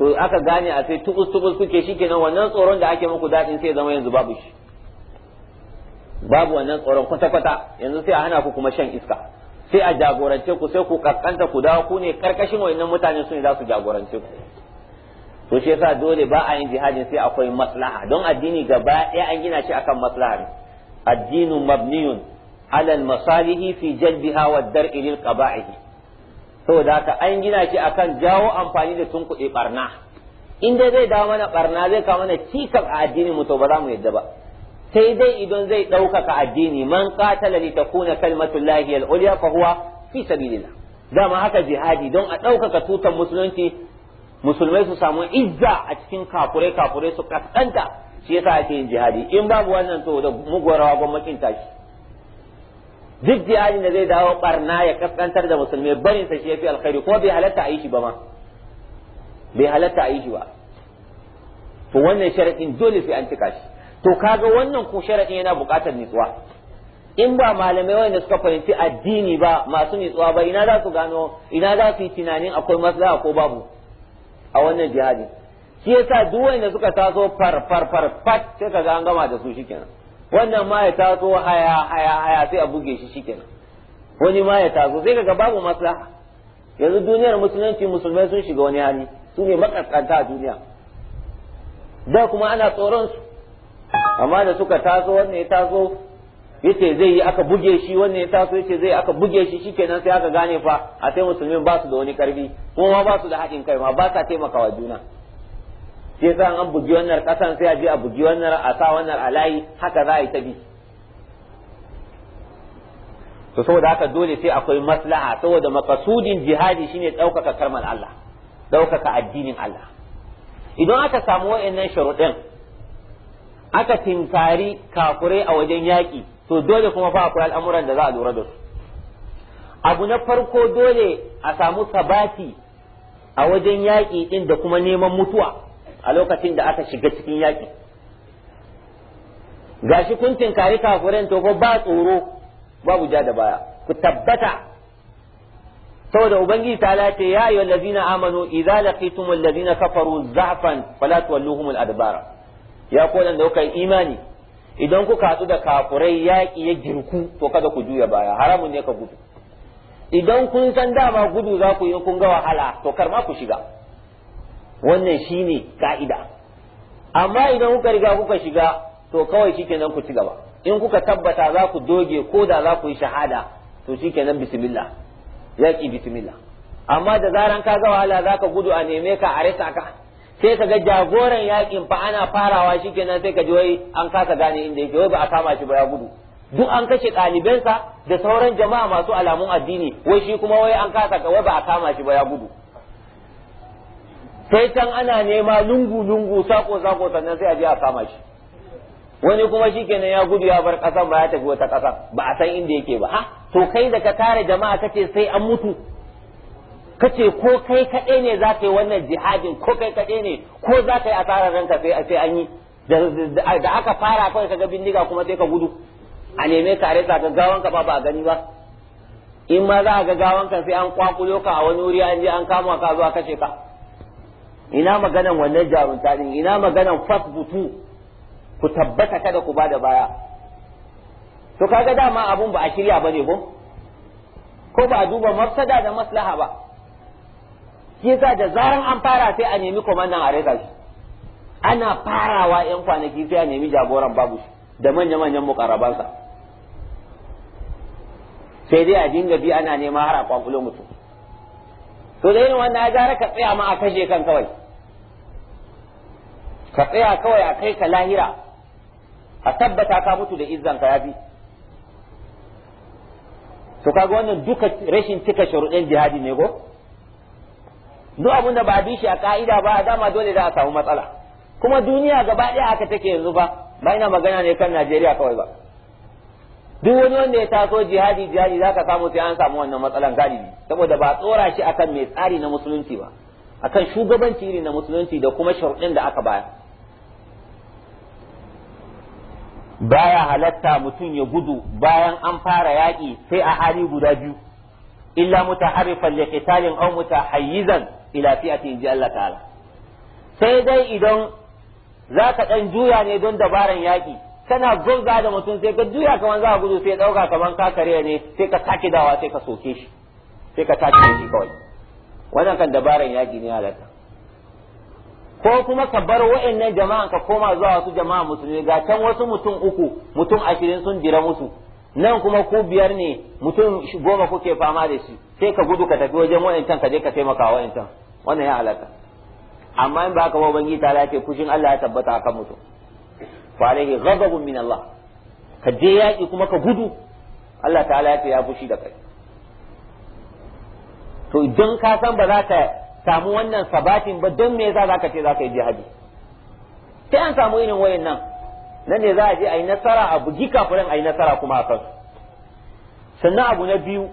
to aka gane a sai tubus tubus kuke shikenan wannan tsoron da ake muku dadin sai zama yanzu babu shi babu wannan tsoron kwata kwata yanzu sai a hana ku kuma shan iska sai a jagorance ku sai ku kakkanta ku dawo ku ne karkashin wayannan mutane su ne za su jagorance ku to shi yasa dole ba a yin jihadin sai akwai maslaha don addini gaba ɗaya an gina shi akan maslaha ne addinu mabniyun ala masalihi fi jalbiha wa dar'i lil qaba'ihi saboda haka an gina shi akan jawo amfani da kuɗi barna in dai zai dawo mana barna zai kawo mana cikas a addinin mu to ba za mu yadda ba sai dai idan zai ɗaukaka addini man qatala li takuna kalmatullahi al-ulya fa huwa fi sabilillah dama haka jihadi don a ɗaukaka tutan musulunci musulmai su samu izza a cikin kafure kafure su kaskanta shi yasa ake yin jihadi in babu wannan to da mugwarawa gwamnatin tashi duk jihadin da zai dawo barna ya kaskantar da musulmai barin sa shi yafi alkhairi ko bai halatta a yi shi ba ma bai halatta a yi shi ba to wannan sharadin dole sai an cika shi to kaga wannan ko sharadin yana buƙatar nitsuwa in ba malamai wanda suka fahimci addini ba masu nitsuwa ba ina za su gano ina za su yi tunanin akwai maslaha ko babu a wannan jihadi shi yasa duk wanda suka taso far far far fat sai kaga an gama da su shikenan wannan ma ya taso haya haya haya sai a buge shi shikenan wani ma ya taso sai kaga babu maslaha yanzu duniyar musulunci musulmai sun shiga wani hali su ne makaskanta a duniya da kuma ana tsoron su amma da suka taso wannan ya taso yace zai yi aka buge shi wannan ya taso yace zai aka buge shi shikenan sai aka gane fa a sai musulmin ba su da wani karfi kuma ba su da haɗin kai ma ba sa taimakawa juna sai sa an bugi wannan kasan sai a je a bugi wannan a sa wannan a layi haka za a yi ta bi to saboda haka dole sai akwai maslaha saboda makasudin jihadi shine ɗaukaka karmar Allah ɗaukaka addinin Allah idan aka samu wa'annan sharuɗin aka tinkari kafurai a wajen yaƙi to dole kuma fa akwai al'amuran da za a lura da su abu na farko dole a samu sabati a wajen yaƙi ɗin da kuma neman mutuwa a lokacin da aka shiga cikin yaƙi shi kun tinkari kafuran to ko ba tsoro babu ja da baya ku tabbata saboda ubangiji ta lace ya ayyuhal ladina amanu idza laqitumul ladina kafaru za'fan fala tuwalluhumul adbara ya ko da kai imani idan ku haɗu da kafurai yaƙi ya girku to kada ku juya baya haramun ne ka gudu idan kun san dama gudu za ku yi kun ga wahala to kar ma ku shiga wannan shine ka'ida amma idan kuka riga kuka shiga to kawai shikenan ku cigaba in kuka tabbata za ku doge ko da za ku yi shahada to shikenan bismillah yaƙi bismillah amma da zaran ka ga wahala za ka gudu a neme ka a rasa ka sai ka ga jagoran yakin fa ana farawa shikenan sai ka ji wai an kasa gane inda yake wai ba a kama shi ba ya gudu duk an kashe ɗalibansa da sauran jama'a masu alamun addini wai shi kuma wai an kasa ka wai ba a kama shi ba ya gudu sai can ana nema lungu lungu sako sako sannan sai a je a kama shi wani kuma shikenan ya gudu ya bar kasan ba ya tafi wata kasa ba a san inda yake ba ha to kai da ka tare jama'a kace sai an mutu kace ko kai kaɗai ne za ka yi wannan jihadin ko kai kaɗai ne ko za ka yi asarar ranka sai an yi da aka fara kawai ga bindiga kuma sai ka gudu a neme kare ka ga gawanka ba ba gani ba in ma za a ga gawanka sai an kwakulo ka a wani wuri an je an kama ka zuwa kashe ka ina maganan wannan jarunta din ina maganan fasbutu ku tabbata kada ku bada baya to kaga dama abun ba a shirya bane ko ba a duba mafsada da maslaha ba shi yasa da zaran an fara sai a nemi komandan a reza shi ana farawa yan kwanaki sai a nemi jagoran babu shi da manya-manyan mukarabansa sai dai a dinga bi ana nema har a kwakulo mutum to da yin wannan ya gara ka tsaya ma a kashe kan kawai ka tsaya kawai a kai ka lahira a tabbata ka mutu da izzan ka yafi to kaga wannan duka rashin cika sharuɗin jihadi ne ko duk abin da ba a bi shi a ka'ida ba a dama dole za a samu matsala kuma duniya gaba ɗaya aka take yanzu ba ba ina magana ne kan Najeriya kawai ba duk wani wanda ya taso jihadi jihadi za ka samu sai an samu wannan matsalan galibi saboda ba tsora shi akan mai tsari na musulunci ba akan shugabanci irin na musulunci da kuma sharuɗin da aka baya baya halatta mutum ya gudu bayan an fara yaƙi sai a hali guda biyu illa mutaharifan liqitalin aw mutahayyizan ila fi'ati inji Allah ta'ala sai dai idan zaka dan juya ne don dabaran yaki kana gonga da mutum sai ka juya kaman za ka gudu sai dauka kaman ka kare ne sai ka sake dawa sai ka soke shi sai ka take shi kawai wannan kan dabaran yaki ne halaka ko kuma ka bar wa'annan jama'an ka koma zuwa wasu jama'a musulmi ga can wasu mutum uku mutum ashirin sun dira musu nan kuma ku biyar ne mutum goma kuke fama da shi sai ka gudu ka tafi wajen wa'ancan ka je ka taimaka wa wa'ancan wannan ya halaka amma in ba ka bangi ta lafi kushin Allah ya tabbata akan mutum fa alaihi ghadabun min Allah ka je yaki kuma ka gudu Allah ta'ala ya ya fushi da kai to idan ka san ba za ka samu wannan sabatin ba don me yasa zaka ce zaka yi jihadi sai an samu irin wayannan nan ne za a je a yi nasara a bugi kafirin a yi nasara kuma a kansu sannan abu na biyu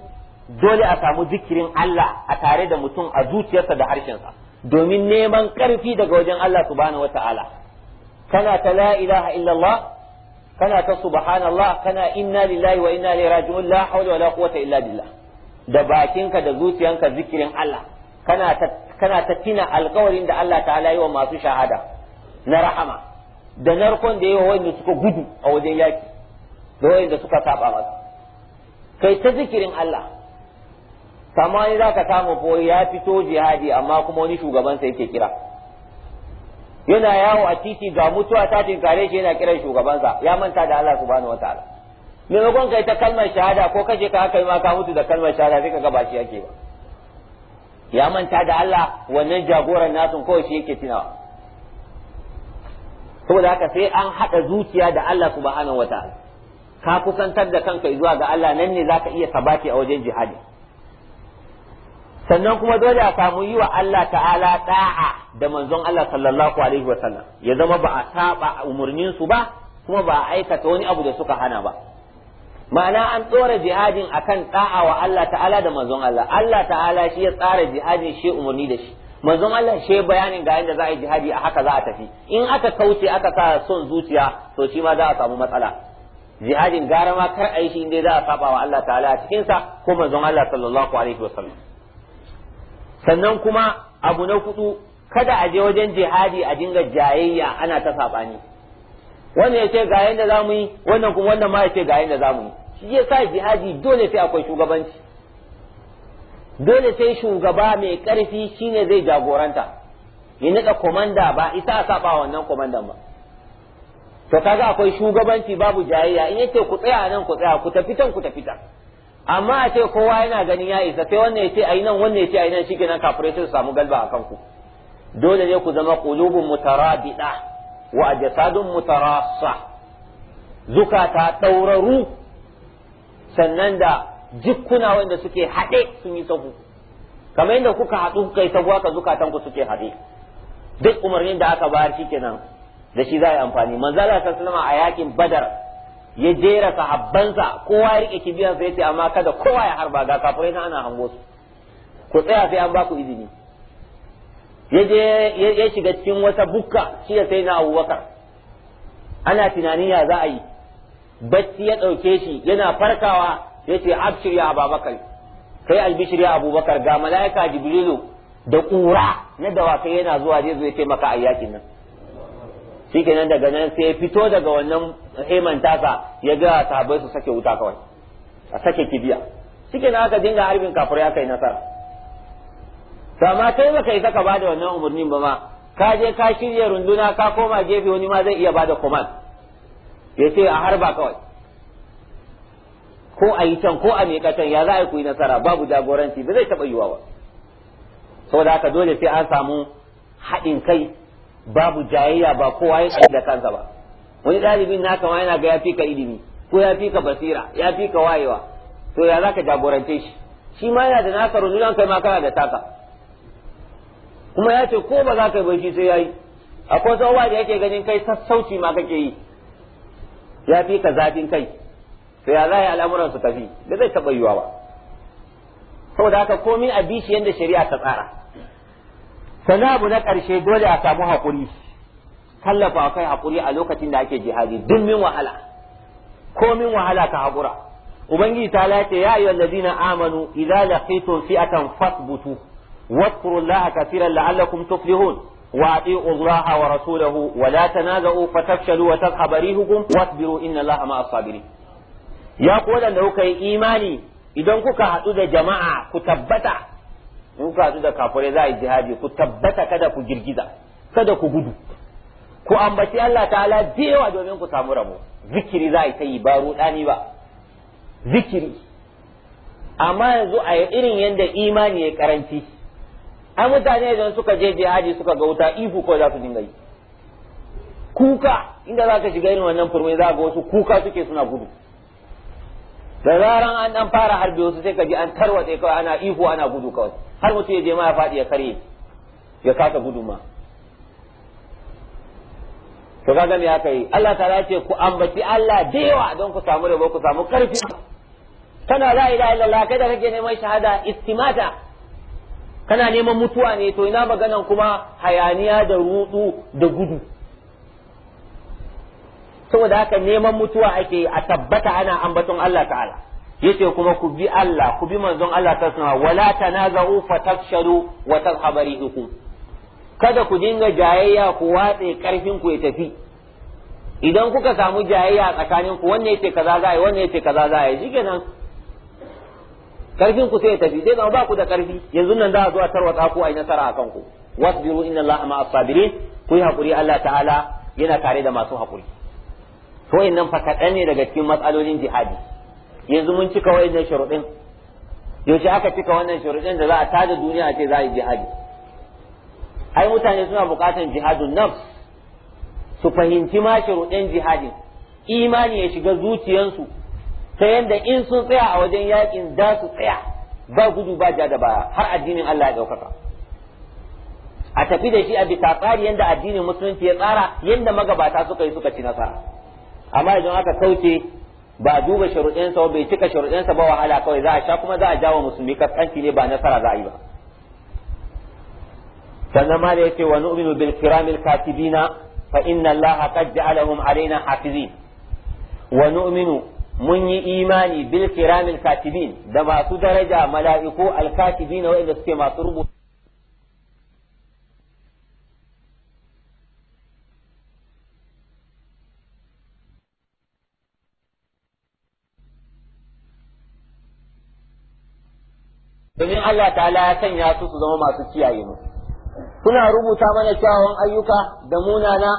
dole a samu zikirin Allah a tare da mutum a zuciyarsa da harshensa domin neman karfi daga wajen Allah subhanahu wata'ala kana ta la ilaha illallah kana ta subhanallah kana inna lillahi wa inna ilaihi raji'un la hawla wala quwwata illa billah da bakinka da zuciyanka zikirin Allah kana ta kana ta tina alƙawarin da Allah ta'ala yi wa masu shahada na rahama da narkon da yawa wanda suka gudu a wajen yaki da wanda suka saba masa kai ta zikirin Allah kama wani za ka samu ko ya fito jihadi amma kuma wani shugaban shugabansa yake kira yana yawo a titi ga mutuwa ta tinkare shi yana kiran shugabansa ya manta da Allah subhanahu wataala maimakon kai ta kalmar shahada ko kashe ka haka ma ka mutu da kalmar shahada sai ka ga ba shi yake ba ya manta da Allah wannan jagoran nasu kawai shi yake tunawa saboda haka sai an haɗa zuciya da Allah subhanahu wataala ka kusantar da kanka zuwa ga Allah nan ne zaka iya sabati a wajen jihadi sannan kuma dole a samu yi wa Allah ta'ala da'a da manzon Allah sallallahu alaihi wasallam ya zama ba a saba umurnin su ba kuma ba a aikata wani abu da suka hana ba ma'ana an tsora jihadin akan da'a wa Allah ta'ala da manzon Allah Allah ta'ala shi ya tsara jihadin shi umurni da shi manzon Allah shi bayanin ga yadda za a yi jihadi a haka za a tafi in aka kauce aka sa son zuciya to shi ma za a samu matsala jihadin gara ma kar a yi shi inda za a saba wa Allah ta'ala a cikin sa ko manzon Allah sallallahu alaihi wasallam sannan kuma abu na kudu kada a je wajen jihadi a dinga jayayya ana ta sabani wannan ya ce ga yadda za yi wannan kuma wannan ma ya ga yadda za yi shi yasa jihadi dole sai akwai shugabanci dole sai shugaba mai ƙarfi shine zai jagoranta ya nika komanda ba isa a saba wannan komandan ba to kaga akwai shugabanci babu jayayya in yace ku tsaya nan ku tsaya ku tafi tan ku tafi tan amma a ce kowa yana ganin ya isa sai wannan yace ai nan wannan yace ai nan shikenan kafirai su samu galba akan ku dole ne ku zama qulubun mutaradida wa ajsadun mutarassa zukata dauraru sannan da Jikuna wanda suke haɗe sun yi sahu kamar yadda kuka haɗu kuka yi sahu haka zukatan ku suke haɗe duk umarnin da aka bayar shikenan da shi za a yi amfani manzo Allah sallallahu a yakin badar ya jera sahabbansa kowa ya rike kibiyar sa yace amma kada kowa ya harba ga kafirai na ana hango su ku tsaya sai an ba ku izini ya je ya shiga cikin wata bukka shi ya sai na abubakar ana tunanin ya za a yi bacci ya ɗauke shi yana farkawa yace abshir ya ababakar kai albishir ya abubakar ga malaika jibrilu da kura na dawakai yana zuwa zai zo ya taimaka a yakin nan shikenan daga nan sai ya fito daga wannan heman ya ga sahabbai su sake wuta kawai a sake kibiya shikenan aka dinga harbin kafirai ya kai nasara kama kai baka isa ka bada wannan umarnin ba ma ka je ka shirya runduna ka koma gefe wani ma zai iya bada command ya ce a harba kawai ko a yi can ko a miƙa can ya za a yi ku nasara babu jagoranci ba zai taɓa yiwa ba saboda haka dole sai an samu haɗin kai babu jayayya ba kowa ya da kansa ba wani ɗalibin naka ma yana ga ya fi ka ilimi ko ya fi ka basira ya fi ka wayewa to ya za ka jagorance shi shi ma yana da naka rundunan kai ma kana da taka kuma ya ce ko ba za ka yi bai shi sai ya yi akwai wani da yake ganin kai sassauci ma kake yi ya fi ka zafin kai to ya za yi al'amuran su tafi da zai taɓa yiwa ba saboda haka komi a bishi yadda shari'a ta tsara sannan abu na ƙarshe dole a samu haƙuri tallafa akai haƙuri a lokacin da ake jihadi duk min wahala komin wahala ka haƙura ubangiji ta lace ya ayyuhal ladina amanu idza laqitum fi'atan fasbutu واذكروا الله كثيرا لعلكم تفلحون واطيعوا الله ورسوله ولا تنازعوا فتفشلوا وتذهب ريحكم واصبروا ان الله مع الصابرين ya ku da kuka yi imani idan kuka hadu da jama'a ku tabbata in kuka haɗu da kafirai za a yi jihadi ku tabbata kada ku girgiza kada ku gudu ku ambaci Allah ta'ala yawa domin ku samu rabo zikiri za a yi ta yi ba ruɗani ba zikiri amma yanzu a irin yadda imani ya karanci a mutane idan suka je jihadi suka ga wuta ihu ko za su dinga yi kuka inda za ka shiga irin wannan furmai za ga wasu kuka suke suna gudu da zaran an dan fara harbi wasu sai ka ji an tarwatse kawai ana ihu ana gudu kawai har mutum ya je ma ya faɗi ya karye ya kasa gudu ma to kaga me aka yi Allah ta ce ku ambaci Allah da yawa don ku samu rabo ku samu karfi kana la ilaha illallah kai da kake neman shahada istimata kana neman mutuwa ne to ina maganan kuma hayaniya da rudu da gudu saboda haka neman mutuwa ake a tabbata ana ambaton Allah ta'ala yace kuma ku bi Allah ku bi manzon Allah ta sunna wala tanaza'u fatafshalu wa tadhhabu kada ku dinga jayayya ku watse karfin ku ya tafi idan kuka samu jayayya a tsakanin ku wanne yace kaza za yi wanne yace kaza za yi shikenan karfin ku sai ya tafi sai ba ku da karfi yanzu nan za a zo a tarwatsa ku a yi nasara a kanku wasbiru inna Allah ma as-sabirin ku yi hakuri Allah ta'ala yana tare da masu hakuri to nan fa ne daga cikin matsalolin jihadi yanzu mun cika wa'annan shuruɗin. yaushe aka cika wannan shuruɗin da za a tada duniya a ce za a yi jihadi ai mutane suna buƙatar jihadun nafs su fahimci ma shuruɗin jihadin imani ya shiga zuciyansu ta yanda in sun tsaya a wajen yakin za su tsaya ba gudu ba ja da baya har addinin Allah ya ɗaukaka a tafi da shi a bisa tsari yanda addinin musulunci ya tsara yanda magabata suka yi suka ci nasara amma idan aka kauce ba duba sharuɗinsa ba bai cika sharuɗinsa ba wahala kawai za a sha kuma za a jawo musulmi kaskanci ne ba nasara za a yi ba sannan ma da ce wa nu'minu bil kiramil katibina fa inna allaha qad ja'alahum alaina hafizin wa nu'minu mun yi imani bil kiramil katibin da masu daraja mala'iku al katibina wa'inda suke masu rubuta domin Allah ta'ala ya sanya su su zama masu kiyaye mu suna rubuta mana kyawun ayyuka da munana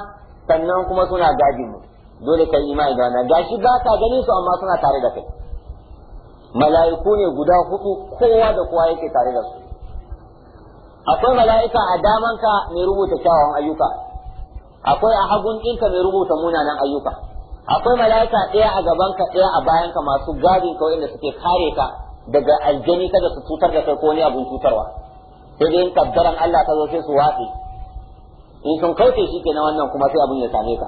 sannan kuma suna gadi mu dole kai imani da wannan gashi ba ka ganin su amma suna tare da kai mala'iku ne guda hudu kowa da kowa yake tare da su akwai mala'ika a damanka mai rubuta kyawun ayyuka akwai a hagun ɗinka mai rubuta munanan ayyuka akwai mala'ika ɗaya a gabanka ɗaya a bayanka masu gadin ka da suke kare ka daga aljani kada su cutar da kai ko wani abun cutarwa sai dai in kaddaran Allah ta zo sai su watsi in sun kauce shi kenan wannan kuma sai abun ya same ka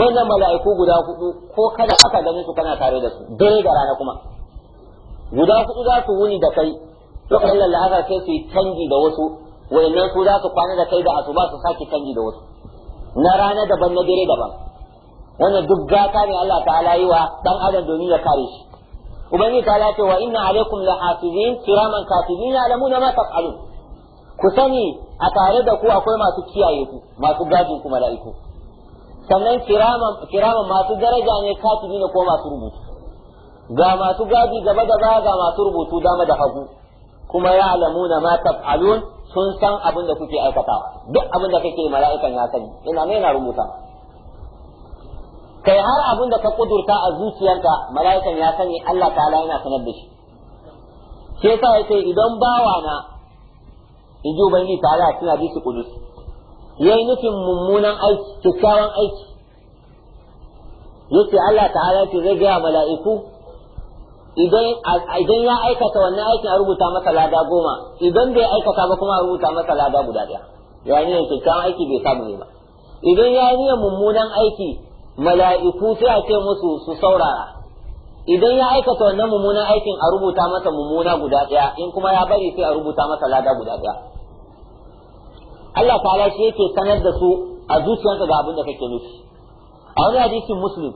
wannan mala'iku guda hudu ko kada aka gani su kana tare da su dare da rana kuma guda hudu za su wuni da kai lokacin da lahazar sai su yi canji da wasu wayannan su za su kwana da kai da asuba su saki canji da wasu na rana daban na dare daban wannan duk gata ne Allah ta'ala yi wa dan adam domin ya kare shi ubangi ta ce wa inna alaikum hafizin kiraman katibin na ma taf'alun ku sani a tare da ku akwai masu kiyaye ku masu gadin ku mala'iku sannan kiraman masu daraja ne katibi ne ko masu rubutu ga masu gadi gaba gaba ga masu rubutu dama da hagu kuma na ma taf'alun sun san abin da kuke aikatawa duk abin da kake mala'ikan ya sani ina ne na rubuta kai har abin da ka kudurta a zuciyarka mala'ikan ya sani Allah ta'ala yana sanar da shi sa ya yace idan bawa na in ji ubangiji ta'ala suna bisu kudus yayi nufin mummunan aiki kyakkyawan aiki yace Allah ta'ala ce zai ga mala'iku idan idan ya aikata wannan aikin a rubuta masa lada goma idan bai aikata ba kuma a rubuta masa lada guda daya ya ne kyakkyawan aiki bai samu ne ba idan ya yi mummunan aiki mala'iku sai a ce musu su saurara idan ya aikata wannan mummunan aikin a rubuta masa mummuna guda ɗaya in kuma ya bari sai a rubuta masa lada guda ɗaya Allah ta'ala shi yake sanar da su a zuciyarsa ga abin da kake nufi a wani hadisin muslim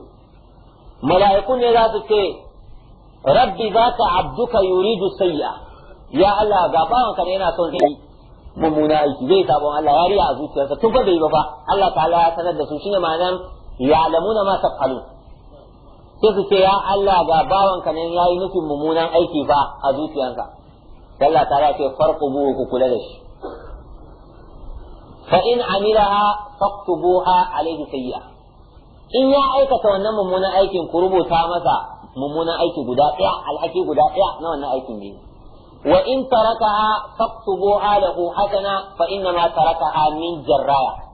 mala'iku ne za su ce rabbi za ka abduka yuridu sayya ya Allah ga bawanka ne yana son yi mummuna aiki zai sabon Allah ya riya a zuciyarsa tun fa bai ba fa Allah ta'ala ya sanar da su shine ma'anar ya'lamuna ma taf'alun sai su ce ya Allah ga bawanka ne yayi nufin mummunan aiki ba a zuciyarsa Allah ta ce bu ku kula da shi fa in amilaha faktubuha alayhi sayyi'a in ya aikata wannan mummunan aikin ku rubuta masa mummunan aiki guda daya alhaki guda daya na wannan aikin ne wa in tarakaha faktubuha lahu hasana fa inna ma tarakaha min jarraya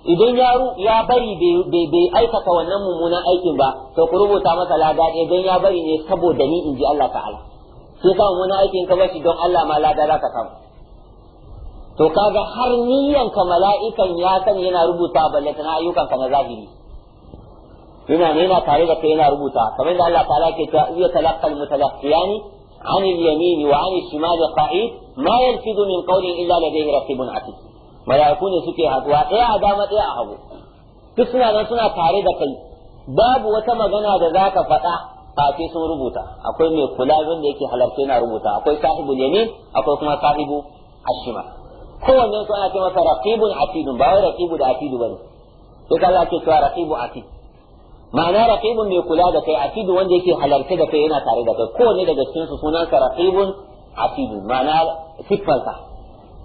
idan yaro ya bari bai aikata wannan mummunan aikin ba to ku rubuta masa lada ɗaya ya bari ne saboda ni in ji Allah ta'ala sai ka mummunan aikin ka bashi don Allah ma lada za ka samu to kaga har niyan ka mala'ikan ya sani yana rubuta ballatan ayyukan ka na zahiri Ina ne yana tare da kai yana rubuta kamar da Allah ta'ala ke cewa iya talaqqal mutalaqqiyani عن اليمين وعن shimali qa'id ma yalfidu min قول illa ladayhi raqibun atid mala'iku ne suke haɗuwa ɗaya a dama ɗaya a hagu duk suna nan suna tare da kai babu wata magana da za ka faɗa kafin sun rubuta akwai mai kula wanda yake halarta yana rubuta akwai sahibul yamin akwai kuma sahibu ashima kowanne su ana cewa masa raqibun atidun ba wai raqibu da atidu bane to ka Allah ke cewa raqibu atid ma'ana raqibun mai kula da kai atidu wanda yake halarta da kai yana tare da kai kowanne daga cikin su sa raqibun atidu ma'ana siffansa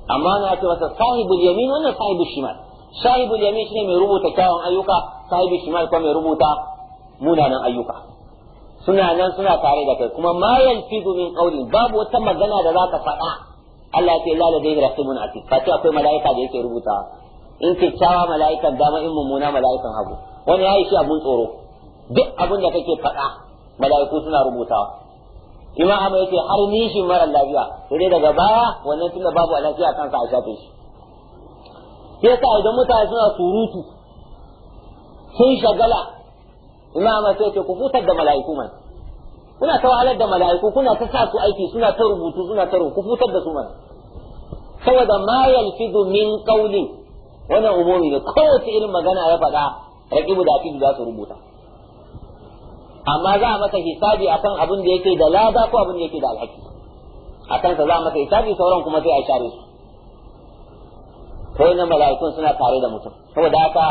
amma na ce masa sahibul yamin wannan sahibul shimal sahibul yamin shine mai rubuta kyawun ayyuka sahibul shimal kuma mai rubuta munanan ayyuka suna nan suna tare da kai kuma ma yalfidu min qawlin babu wata magana da zaka faɗa Allah ya ce la ladayhi raqibun atid fati akwai mala'ika da yake rubuta in kyakkyawa mala'ikan dama in mummuna mala'ikan hagu wani ya yi shi abun tsoro duk abin da kake faɗa mala'iku suna rubutawa imam amma yace har nishi mara lafiya to dai daga baya wannan tunda babu a kan sa a shafe shi sai yasa idan mutane suna surutu sun shagala imam amma sai yace ku futar da mala'iku man kuna ta wahalar da mala'iku kuna ta sa su aiki suna ta rubutu suna ta rubutu ku futar da su man saboda ma yalfidu min qawli wannan umumi ne kowace irin magana ya faɗa raqibu da afidu za su rubuta amma za a masa hisabi akan abin da yake da lada ko abin da yake da alhaki a kansa za a masa hisabi sauran kuma sai a share su ko na mala'ikun suna tare da mutum saboda haka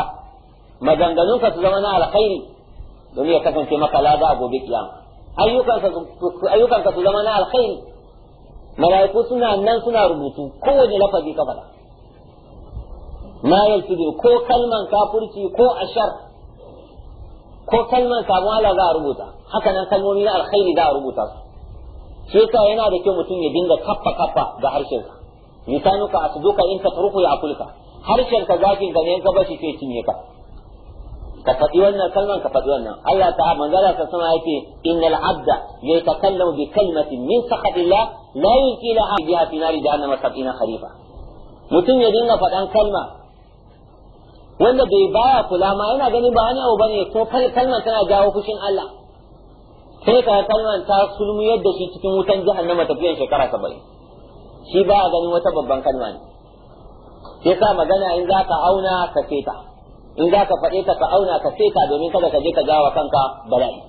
maganganunka su zama na alkhairi domin ya kasance maka lada a gobe kiyama ayyukanka su zama na alkhairi mala'iku suna nan suna rubutu kowane lafazi ka faɗa ma yalfi ko kalman kafurci ko ashar ko kalman sabon Allah za a rubuta haka nan kalmomi na alkhairi za a rubuta su sai yasa yana da kyau mutum ya dinga kappa kappa ga harshenka lisanuka asduka in tatruku ya akulka ka zakin ka ne in ka bashi sai cinye ka ka faɗi wannan kalman ka faɗi wannan Allah ta manzala ta sama yake innal abda yatakallamu bi kalmatin min sakhatillah la yulqi laha biha fi nari jahannam sab'ina kharifa mutum ya dinga faɗan kalma wanda bai baya kula ma yana gani ba wani abu bane ko kalmar tana jawo fushin Allah sai ka kalmar ta sulmu yadda shi cikin wutan jahannama tafiyan shekara saba'in shi ba ganin gani wata babban kalma ne yasa magana in za ka auna ka feta in za ka faɗe ka ka auna ka feta domin kada ka je ka jawo kanka bala'i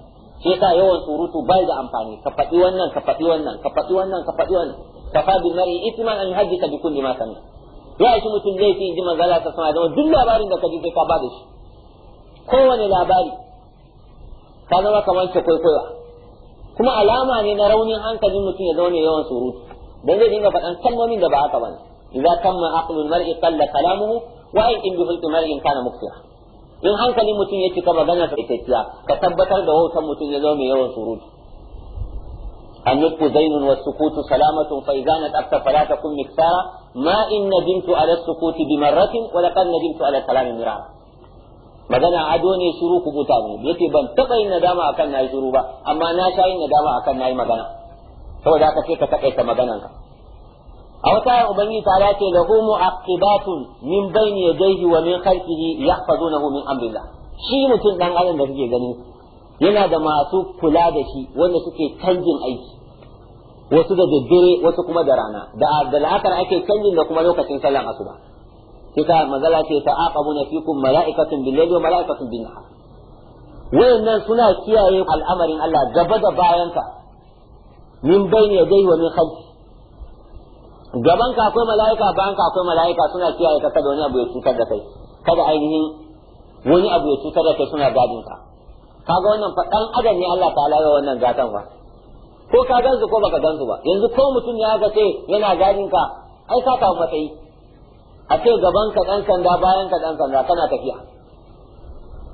shi yasa yawan surutu bai da amfani ka faɗi wannan ka faɗi wannan ka faɗi wannan ka faɗi wannan kafa bi mar'i itman an hajjika bi kulli ma sanna ya shi mutum laifi in ji magana ta sama zama duk labarin da ka ji sai ka ba da shi kowane labari ka zama kamar ce kwaikwaiwa kuma alama ne na raunin hankalin mutum ya ne yawan surutu dan zai dinga faɗan kalmomin da ba haka bane idza tamma al mar'i qalla kalamuhu wa in in bihultu mar'i kana in hankalin mutum ya cika magana ta ita ka tabbatar da wautan mutum ya zauna yawan surutu النطق زين والسكوت سلامة فإذا نطقت فلا تكن مكسارا ما إن ندمت على السكوت بمرة ولقد ندمت على الكلام مرارا magana ado ne shiru ku buta ne yace ban taba yin nadama akan nayi shiru ba amma na sha yin nadama akan nayi magana saboda haka sai ka takaita maganan ka a wata ayar ubangi ta ce lahu mu'aqibatun min bayni yadayhi wa min khalfihi yahfazunahu min amrillah shi mutum ɗan adam da kake gani yana da masu kula da shi wanda suke canjin aiki wasu da daddare wasu kuma da rana da da la'akar ake canjin da kuma lokacin sallan asuba kika mazala ce ta aqabuna fikum mala'ikatun bil layli wa mala'ikatun bin nahar wayannan suna kiyaye al'amarin Allah gaba da bayanka min bayni yadayhi wa min khalfi gaban ka akwai mala'ika bayan ka akwai mala'ika suna kiyaye ka kada wani abu ya cutar da kai kada ainihin wani abu ya cutar da kai suna gadin ka kaga wannan fa dan adam ne Allah ta'ala ya wannan gatan wa ko ka gansu ko baka gansu ba yanzu ko mutum ya ga ce yana gadin ka ai ka ta matsayi a ce gaban ka dan sanda bayan ka dan sanda kana tafiya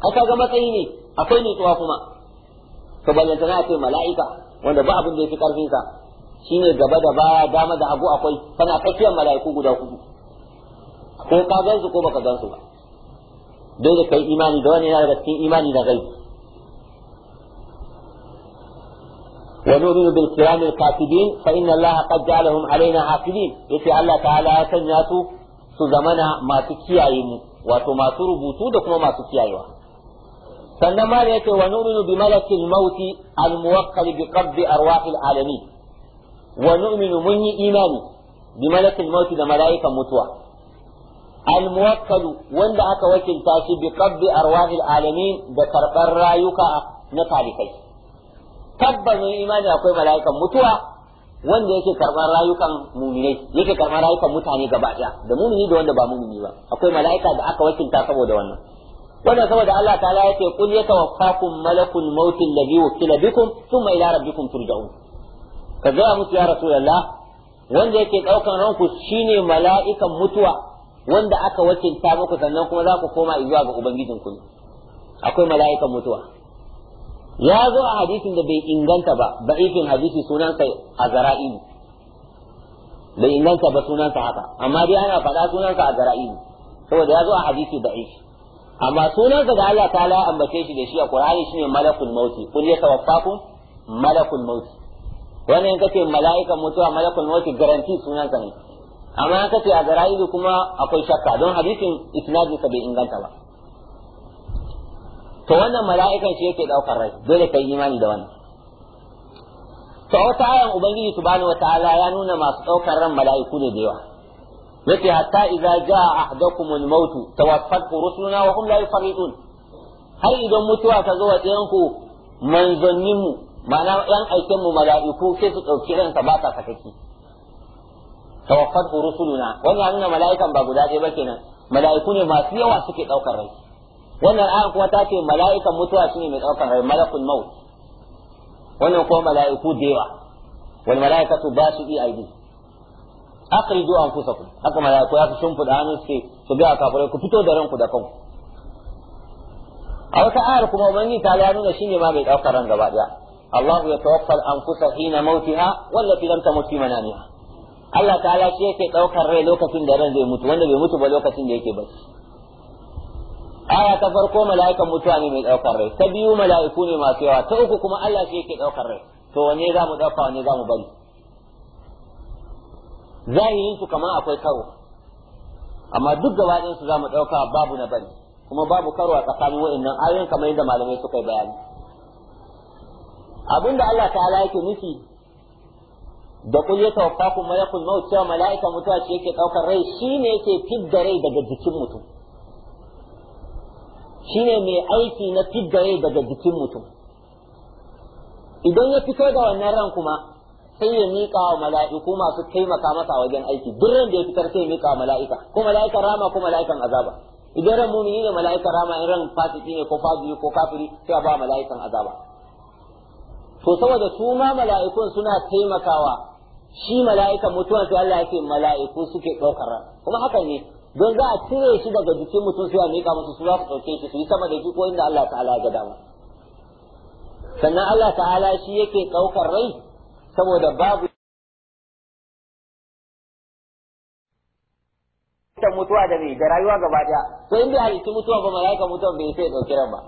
ai ka ga matsayi ne akwai nutsuwa kuma to na ce mala'ika wanda ba abin da fi karfin ka shine gaba da baya dama da hagu akwai kana tsakiyar mala'iku guda hudu ko ka gansu ko baka gansu ba dole kai imani da wani yana daga cikin imani da gaibi ونؤمن بالكرام الكاتبين فإن الله قد جعلهم علينا حافظين يتي الله تعالى سنياتو سزمنا ما تكيايم واتو ما تربوتو دكما ما تكيايوا سنما يتي ونؤمن بملك الموت الموكل بقبض أرواح العالمين ونؤمن مني إيماني بملك الموت لملائكة متوى الموكل وند أكا وكل تاشي بقبض أرواح العالمين ذكر الرايوكا نتالي كيس tabbas mun imani akwai mala'ikan mutuwa wanda yake karɓar rayukan muminai yake karɓar rayukan mutane gaba ɗaya da mumini da wanda ba mumini ba akwai mala'ika da aka wakilta saboda wannan wannan saboda Allah ta'ala yake kun yatawaffakum malakul maut alladhi wukila bikum thumma ila rabbikum turja'un ka gaya musu ya rasulullah wanda yake ɗaukan ranku shine mala'ikan mutuwa wanda aka wakilta muku sannan kuma za ku koma zuwa ga ubangijinku akwai mala'ikan mutuwa ya zo a hadisin da bai inganta ba da'ifin hadisi sunansa azra'ilu bai inganta ba sunansa haka amma dai ana faɗa sunansa azra'ilu saboda ya zo a hadisi da'ifi amma sunansa da Allah ta'ala ya ambace shi da shi a Qur'ani shine malakul mauti ya tawaffaku malakul mauti wannan kace mala'ikan mutuwa malakul mauti garanti sunansa ne amma kace azra'ilu kuma akwai shakka don hadisin isnadinsa bai inganta ba to wannan mala'ikan shi yake daukar rai dole kai imani da wannan to wata ayan ubangiji subhanahu wataala ya nuna masu daukar ran mala'iku ne da yawa yace hatta idza jaa ahdakumul mautu maut rusuluna wa hum la yufarridun har idan mutuwa ta zo wa ku manzannin mu ma'ana yan aikin mu mala'iku sai su dauki ransa ba ta sakaki tawaffat rusuluna wannan nuna mala'ikan ba guda ɗaya ba kenan mala'iku ne masu yawa suke daukar rai wannan aya kuma ta ce mala'ikan mutuwa shine mai daukar rai malakul maut wannan kuma mala'iku da yawa wal mala'ikatu yi aidi akhrijo anfusakum haka mala'iku ya fi shimfida hannun su su ga kafirai ku fito da ranku da kanku a wata ayar kuma ubangi ta ya nuna shine ma mai daukar ran gaba daya Allahu ya tawaffal anfusa hina mautiha wallati lam tamut fi manamiha Allah ta'ala shi yake daukar rai lokacin da ran zai mutu wanda bai mutu ba lokacin da yake bacci aya ta farko mala'ikan mutuwa ne mai daukar rai ta biyu mala'iku ne masu yawa ta uku kuma Allah shi yake daukar rai to wanne za mu dauka wanne za mu bari zahirin su kamar akwai karo amma duk gaba su za mu dauka babu na bari kuma babu karo a tsakanin wa'annan ayoyin kamar yadda malamai suka yi bayani abinda Allah ta'ala yake nufi da kul ya tawaffakum malakul maut cewa mala'ikan mutuwa shi yake daukar rai shine yake fidda rai daga jikin mutum shine mai aiki na fiddaye daga jikin mutum idan ya fito da wannan ran kuma sai ya miƙa wa mala'iku masu taimaka masa wajen aiki duk ran da ya fitar sai ya miƙa wa mala'ika ko mala'ikan rama ko mala'ikan azaba idan ran mumini ne mala'ikan rama in ran fasiki ne ko fajiri ko kafiri sai a ba mala'ikan azaba to saboda su ma mala'ikun suna taimakawa shi mala'ikan mutuwan sai Allah ya ce mala'iku suke ɗaukar ran kuma hakan ne don za a cire shi daga jikin mutum sai a miƙa musu su za su ɗauke shi su yi sama da shi ko inda Allah ta'ala ga dama sannan Allah ta'ala shi yake ɗaukar rai saboda babu ta mutuwa da mai da rayuwa gaba ɗaya to in bai halitti mutuwa ba mala'ika mutuwa bai sai ɗauki ran ba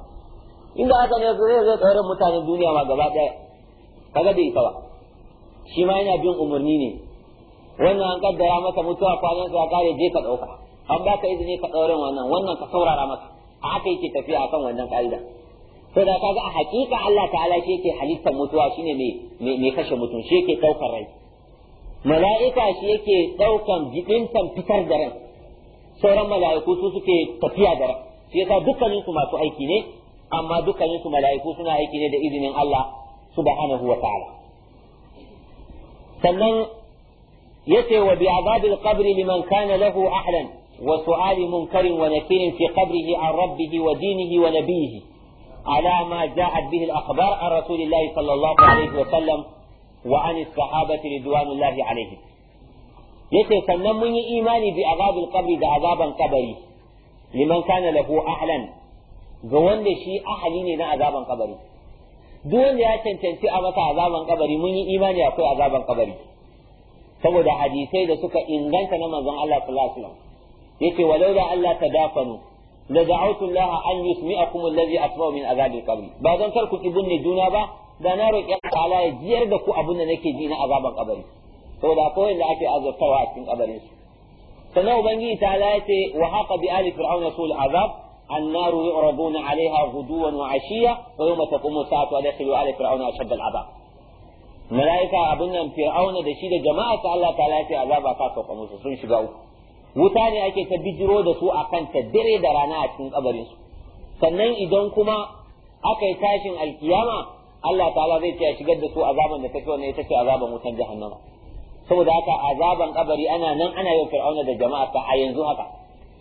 inda aka ne zai zai ɗaurin mutanen duniya ma gaba ɗaya kaga da isa ba shi ma yana bin umarni ne wannan an kaddara masa mutuwa kwanan sa ya kare je ka ɗauka an ba ka izini ka ɗaurin wannan wannan ka saurara masa a haka yake tafiya akan wannan ka'ida to da kaga a hakika Allah ta'ala shi yake halittar mutuwa shine mai mai kashe mutum shi yake daukar rai mala'ika shi yake daukan jikintan fitar da ran sauran mala'iku su suke tafiya da ran shi yasa dukkanin su masu aiki ne amma dukkanin su mala'iku suna aiki ne da izinin Allah subhanahu wa ta'ala sannan yace wa bi azabil qabri liman kana lahu ahlan وسؤال منكر ونكير في قبره عن ربه ودينه ونبيه على ما جاءت به الأخبار عن رسول الله صلى الله عليه وسلم وعن الصحابة رضوان الله عليهم yace sannan mun yi imani bi azabil qabri da azaban kabari liman kana lahu ahlan ga wanda shi ahali ne na azaban kabari duk ya cancanci a masa azaban kabari mun yi imani akwai azaban kabari saboda hadisai da suka inganta na manzon Allah yace walau da Allah ta mu la da'awtu Allah an yusmi'akum allazi asma'u min azabil qabr ba zan kar ku binne juna ba da na roƙi Allah ya jiyar da ku abin da nake ji na azaban kabari saboda akwai wanda ake azabtawa a cikin kabarin su sannan ubangiji ta Allah yace wa haqa bi ali fir'auna sul azab النار يعرضون عليها غدوا وعشيا ويوم تقوم الساعة ويدخلوا آل فرعون أشد العذاب ملائكة أبنا فرعون دشيد جماعة الله تعالى في عذاب sun shiga uku. wuta ne ake ta bijiro da su a kanta dare da rana a cikin kabarin su sannan idan kuma aka yi tashin alkiyama Allah ta'ala zai ce a shigar da su azaban da take wannan ita ce azaban wutan jahannama saboda haka azaban kabari ana nan ana yin fir'auna da jama'a ta a yanzu haka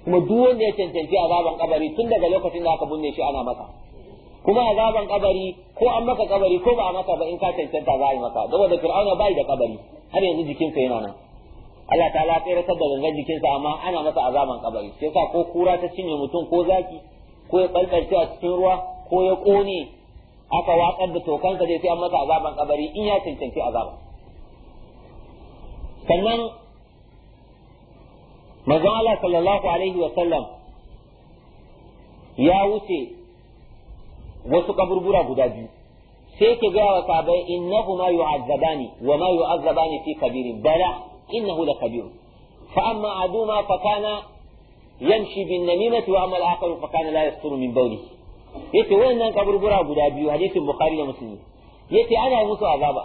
kuma duk wanda ya cancanci azaban kabari tun daga lokacin da aka binne shi ana masa kuma azaban kabari ko an maka kabari ko ba a maka ba in ka cancanta za a yi maka saboda fir'auna bai da kabari har yanzu jikinsa yana nan Allah ta la tsere da gangan jikinsa amma ana masa azaban kabari sai sa ko kura ta cinye mutum ko zaki ko ya balbalce a cikin ruwa ko ya kone aka watsar da tokansa dai sai an masa azaban kabari in ya cancanci azaban sannan manzon Allah sallallahu alaihi wa sallam ya wuce wasu kaburbura guda biyu sai ke gaya wa sabai innahuma yu'azzabani wa ma yu'azzabani fi kabirin bala إنه لكبير فأما عدوما فكان يمشي بالنميمة وأما الآخر فكان لا يستر من بوله yace wayannan kaburbura guda biyu hadisin bukhari da muslim yace ana yi musu azaba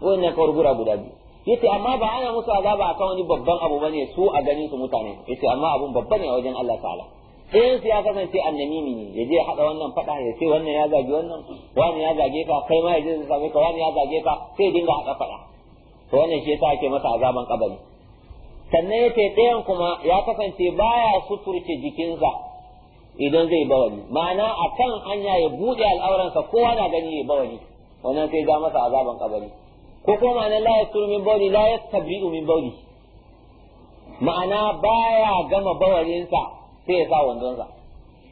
wayannan kaburbura guda biyu yace amma ba ana musu azaba a wani babban abu ba ne su a ganin su mutane yace amma abun babba ne a wajen Allah ta'ala ɗayan su ya kasance annamimi ne ya je ya haɗa wannan faɗa ya ce wannan ya zage wannan wani ya zage ka kai ma ya je ya same ka wani ya zage ka sai dinga haɗa faɗa to wannan shi yasa ake masa azaban kabari sannan yace ɗayan kuma ya kasance baya suturce jikinsa idan zai bawani ma'ana a kan hanya ya buɗe al'auransa kowa na gani ya bawani wannan sai ga masa azaban kabari ko kuma ma'ana la yasturu min bawli la yastabri'u min bawli ma'ana baya gama bawalinsa sai ya sa wandonsa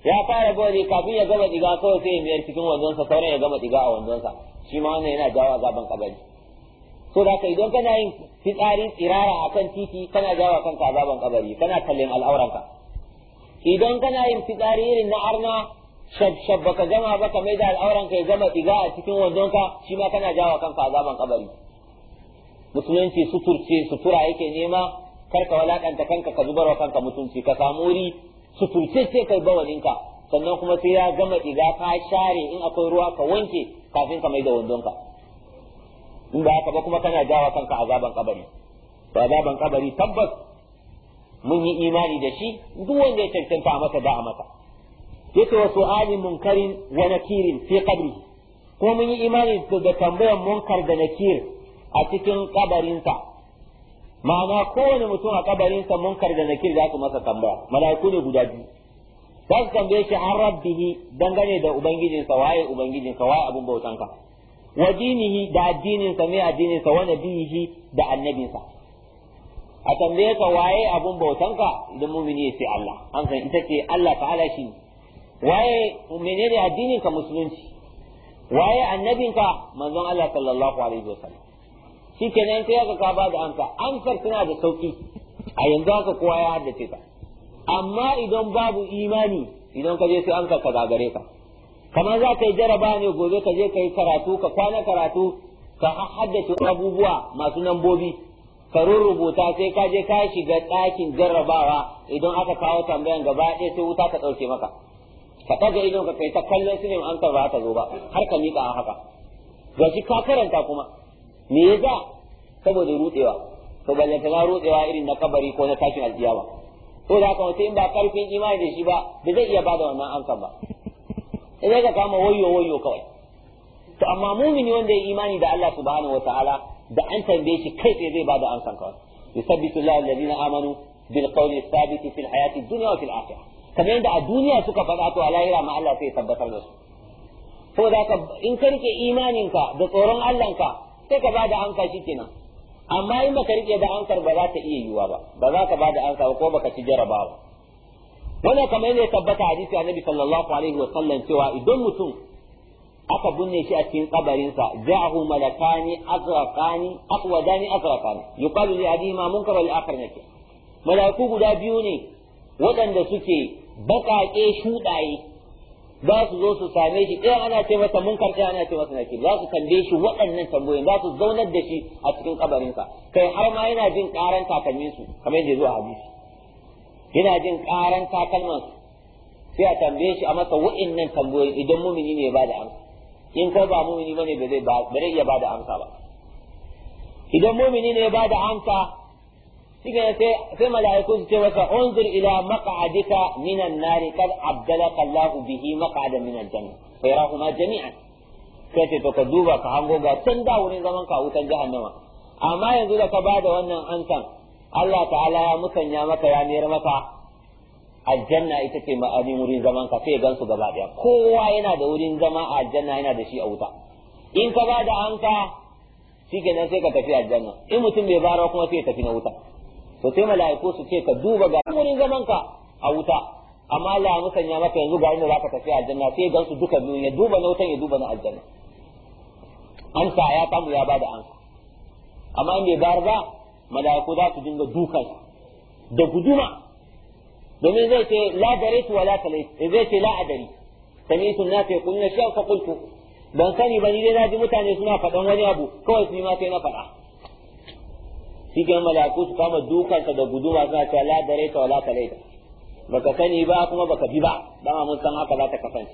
ya fara bawali kafin ya gama diga kawai sai ya miyar cikin wandonsa sauran ya gama diga a wandonsa shi ma wannan yana jawo azaban kabari ko da idan kana yin fitsari tsirara a kan titi kana jawa kanka azaban kabari kana kallon al'auranka idan kana yin fitsari irin na arna shab baka gama ba ka maida al'auranka ya zama diga a cikin wandonka shi ma kana jawa kanka azaban kabari musulunci suturce sutura yake nema kar ka walakanta kanka ka zubarwa kanka mutunci ka samu wuri suturce ce kai bawalinka sannan kuma sai ya gama diga ka share in akwai ruwa ka wanke kafin ka maida wandonka in ba haka ba kuma kana jawa kanka azaban kabari to azaban kabari tabbas mun yi imani da shi duk wanda ya cancanta a masa da a masa yake wa su'alin munkarin wa nakirin fi qabri ko mun yi imani da tambayan munkar da nakir a cikin kabarinsa ma'ana kowane mutum a kabarinsa munkar da nakir za su masa tambaya mala'iku ne guda biyu za su tambaye shi har rabbihi dangane da ubangijinsa waye ubangijinsa waye abun bautanka wa dinihi da addininsa mai addininsa wa nabiyihi da annabinsa a tambaye ka waye abun bautanka idan mumini ya ce Allah an san ita ce Allah ta'ala shi ne waye menene addininka musulunci waye annabinka manzon Allah sallallahu alaihi wasallam shikenan kai ka ka bada amsa amsar tana da sauki a yanzu haka kowa ya haddace ta amma idan babu imani idan ka je sai amsar ka gagare ka kamar za ka yi jaraba ne gobe ka je ka yi karatu ka kwana karatu ka haddace abubuwa masu nambobi ka rubuta sai ka je ka shiga ɗakin jarrabawa idan aka kawo tambayan gaba ɗaya sai wuta ka ɗauke maka ka ɗaga idon ka kai ta kallon sinin an ba ta zo ba har ka miƙa a haka gashi ka karanta kuma me ya za saboda rutsewa to ballanta na rutsewa irin na kabari ko na tashin aljiyawa to da haka wata in ba karfin imani da shi ba ba zai iya bada wannan ansan ba sai ka kama wayo wayo kawai to amma mumini wanda ya imani da Allah subhanahu wataala da an tambaye shi kai sai zai bada amsan kawai yusabbitu lillahi alladhina amanu bil qawli thabit fil hayati dunya wa fil akhirah kamar yadda a duniya suka faɗa to a lahira ma Allah sai ya tabbatar da su da ka in ka rike imaninka da tsoron Allahnka sai ka bada amsa shikenan amma in baka rike da amsar ba za ta iya yiwuwa ba ba za ka bada amsa ba ko baka ci jarabawa wannan kamar yadda ya tabbata hadisi annabi sallallahu alaihi wa sallam cewa idan mutum aka binne shi a cikin sa ja'ahu malakani azraqani aqwadani azraqani yuqalu li ma munkar wal akhar nake malaiku guda biyu ne waɗanda suke baƙaƙe shuɗaye za su zo su same shi ɗaya ana ce masa munkar ɗaya ana ce masa nake za su kande shi waɗannan tambayoyin za su zaunar da shi a cikin sa kai har ma yana jin ƙaran kakanninsu kamar yadda zuwa hadisi yana jin karan takalman sai a tambaye shi a masa wa'innan tambayoyi idan mumini ne ba da amsa in kai ba mumini bane ba zai ba zai iya ba da amsa ba idan mumini ne ba da amsa shike sai sai mala'iku su ce masa unzur ila maq'adika minan nar kad abdala Kallahu bihi maq'adan minan janna fa ma jami'an sai ce to ka duba ka hango ga can da wurin zaman ka wutan jahannama amma yanzu da ka bada wannan amsan Allah ta'ala ya musanya maka ya mayar maka aljanna ita ce ma'anin wurin zaman ka sai gansu gaba daya kowa yana da wurin zama a aljanna yana da shi a wuta in ka bada hanka shikenan sai ka tafi aljanna in mutum bai bara kuma sai ya tafi na wuta to sai mala'iku su ce ka duba ga wurin zaman ka a wuta amma Allah ya musanya maka yanzu ga inda zaka tafi aljanna sai gansu duka biyu ya duba na wutan ya duba na aljanna an ta ya samu ya bada hanka amma in bai bar ba mala'iku za su dinga dukan da guduma domin zai ce la daraitu wala la eh, zai ce la adari sami'tu na nas na shay'an ka kultu ban sani ba ni dai na ji mutane suna faɗan wani abu kawai su ma sai na faɗa shi ke mala'iku su kama ta da guduma suna cewa la daraitu wala la baka sani ba kuma baka bi ba dama mun san haka za ta kasance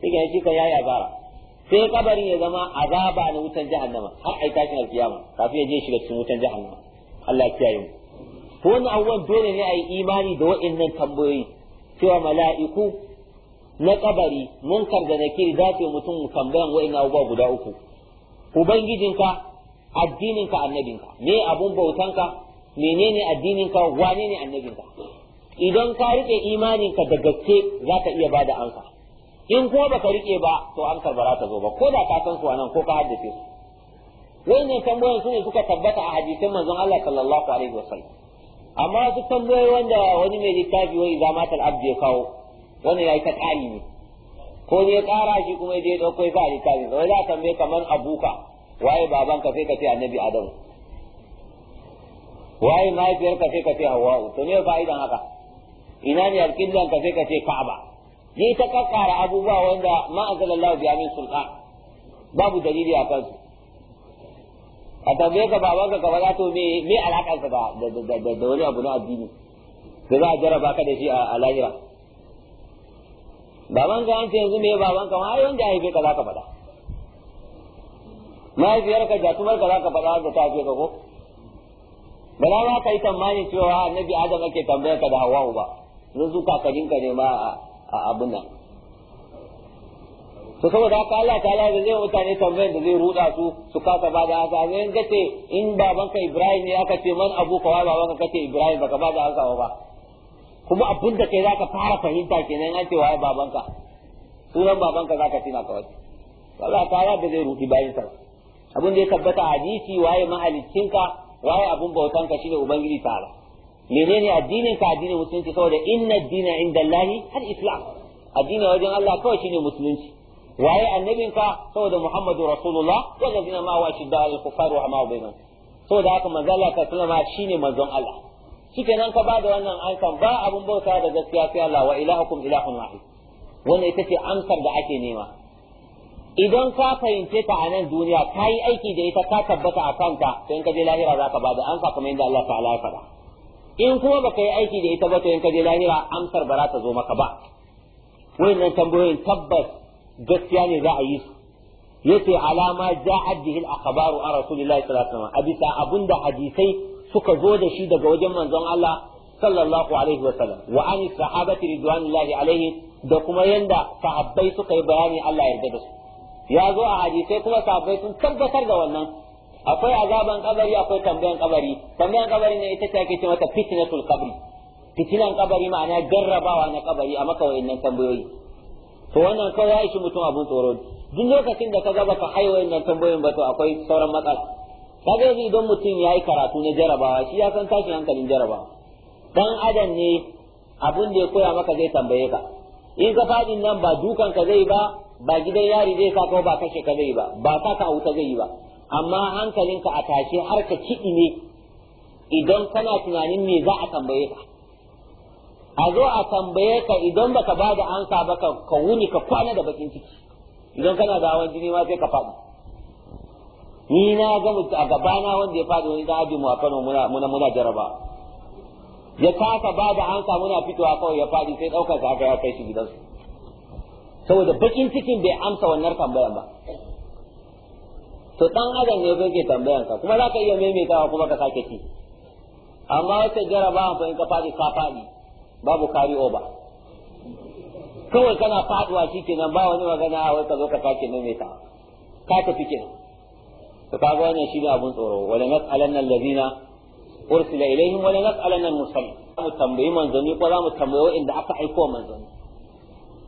shi ke shi ka yayi azara sai kabarin ya zama azaba na wutan jahannama har ai tashin alkiyama kafin ya je shiga cikin wutan jahannama Allah ya kiyaye mu to wannan abubuwan dole ne a yi imani da wa'annan tambayoyi cewa mala'iku na kabari munkar da nakiri za su yi mutum tambayan waɗannan abubuwa guda uku ubangijinka addininka annabinka me abun bautanka menene addininka wane ne annabinka idan ka rike imaninka da gaske za ka iya bada ansa in ko baka rike ba to an karbara ta zo ba ko da ka san su nan ko ka haddace su ne tambayoyin su ne suka tabbata a hadisin manzon Allah sallallahu alaihi wasallam amma su tambayoyi wanda wani mai littafi wai zamata al-abd ya kawo wani yayi ta kari ne ko ne ya kara shi kuma ya je ya dauko ya littafi wai za ka mai kamar abuka waye babanka sai ka ce annabi adam waye mahaifiyarka sai ka ce hawa'u to me fa'idan haka ina ne alƙiblan ka sai ka ce ka'aba yayi ta kakkara abubuwa wanda ma anzalallahu biya min sulha. babu dalili a kansu a tambaye ka babanka ka ba to me me ba da da wani abu na addini da za a jaraba ka da shi a lahira babanka an ce yanzu me babanka ma ai wanda ya haife ka za ka faɗa mahaifiyarka jatumar ka za ka faɗa wanda ta haife ka ko ba za ka yi tsammanin cewa annabi adam ake tambayar ka da hawa ba yanzu kakanninka ne ma a abin nan to saboda haka Allah ta da zai mutane tambayar da zai ruda su su kasa ba da haka ne in ce in babanka Ibrahim ne aka ce man abu kawai babanka ce Ibrahim baka ba da haka ba kuma abun da kai zaka fara fahimta kenan an ce waye babanka sunan babanka zaka tina kawai Allah ta da zai rudi bayin sa abin da ya tabbata hadisi waye mahaliccinka waye abun bautanka shine ubangiji Allah menene addinin ka addinin musulunci saboda inna addina inda Allah har islam addini wajen Allah kawai shine musulunci waye annabin ka saboda Muhammadu Rasulullah wallazina ma wa shidda al kufar wa ma bainahum saboda haka manzo Allah ka sallama shine manzon Allah shikenan ka bada wannan ansan ba abun bauta da gaskiya sai Allah wa ilahukum ilahun wahid wannan ita ce amsar da ake nema idan ka fahimce ta a nan duniya ka yi aiki da ita ka tabbata a kanka sai in ka je lahira za ka bada amsa kamar yadda Allah ta'ala ya faɗa in kuma baka yi aiki da ita ba to in ka je lahira amsar ba za ta zo maka ba wannan tambayoyin tabbas gaskiya ne za a yi su yace alama ja'at bihi al-akhbaru an rasulillahi sallallahu alaihi wasallam abisa abunda hadisai suka zo da shi daga wajen manzon Allah sallallahu alaihi wasallam wa an sahabati ridwanillahi alaihi da kuma yanda sahabbai suka yi bayani Allah yarda da su ya zo a hadisai kuma sahabbai sun tabbatar da wannan akwai azaban kabari akwai tambayan kabari tambayan kabari ne ita ce ake ce mata fitnatul kabri fitinan kabari ma'ana jarrabawa na kabari a maka wayannan tambayoyi to wannan kawai ya ishi mutum abun tsoro duk lokacin da ka ga baka hai wayannan tambayoyin ba to akwai sauran matsala kaga yanzu idan mutum ya yi karatu na jarabawa shi ya san tashin hankalin jarabawa dan adam ne abun da ya koya maka zai tambaye ka in ka fadin nan ba dukan ka zai ba ba gidan yari zai sa ba kashe ka zai ba ba sa ka wuta zai ba amma hankalinka a tashe har ka kiɗi ne idan kana tunanin me za a tambaye ka a zo a tambaye ka idan baka ba da ansa ba ka wuni ka kwana da bakin ciki idan kana da hawan jini ma sai ka faɗi ni na ga a gabana wanda ya faɗi wani daji mu a Kano muna muna muna jaraba ya kasa ba da ansa muna fitowa kawai ya faɗi sai ɗaukar sa aka ya kai shi gidansu saboda bakin cikin bai amsa wannan tambayan ba to dan adam ne bai ke tambayan ka kuma zaka iya maimaitawa kuma ka sake ci amma wata jaraba ba in ka fadi ka fadi babu kari oba kawai kana faduwa shikenan ba wani magana a wata zo ka sake maimaita ka tafi kenan to kaga wannan shine abun tsoro wala nas'alan allazina ursila ilaihim wala nas'alan al-mursalin mu tambayi manzoni ko za mu tambayi inda aka aiko ko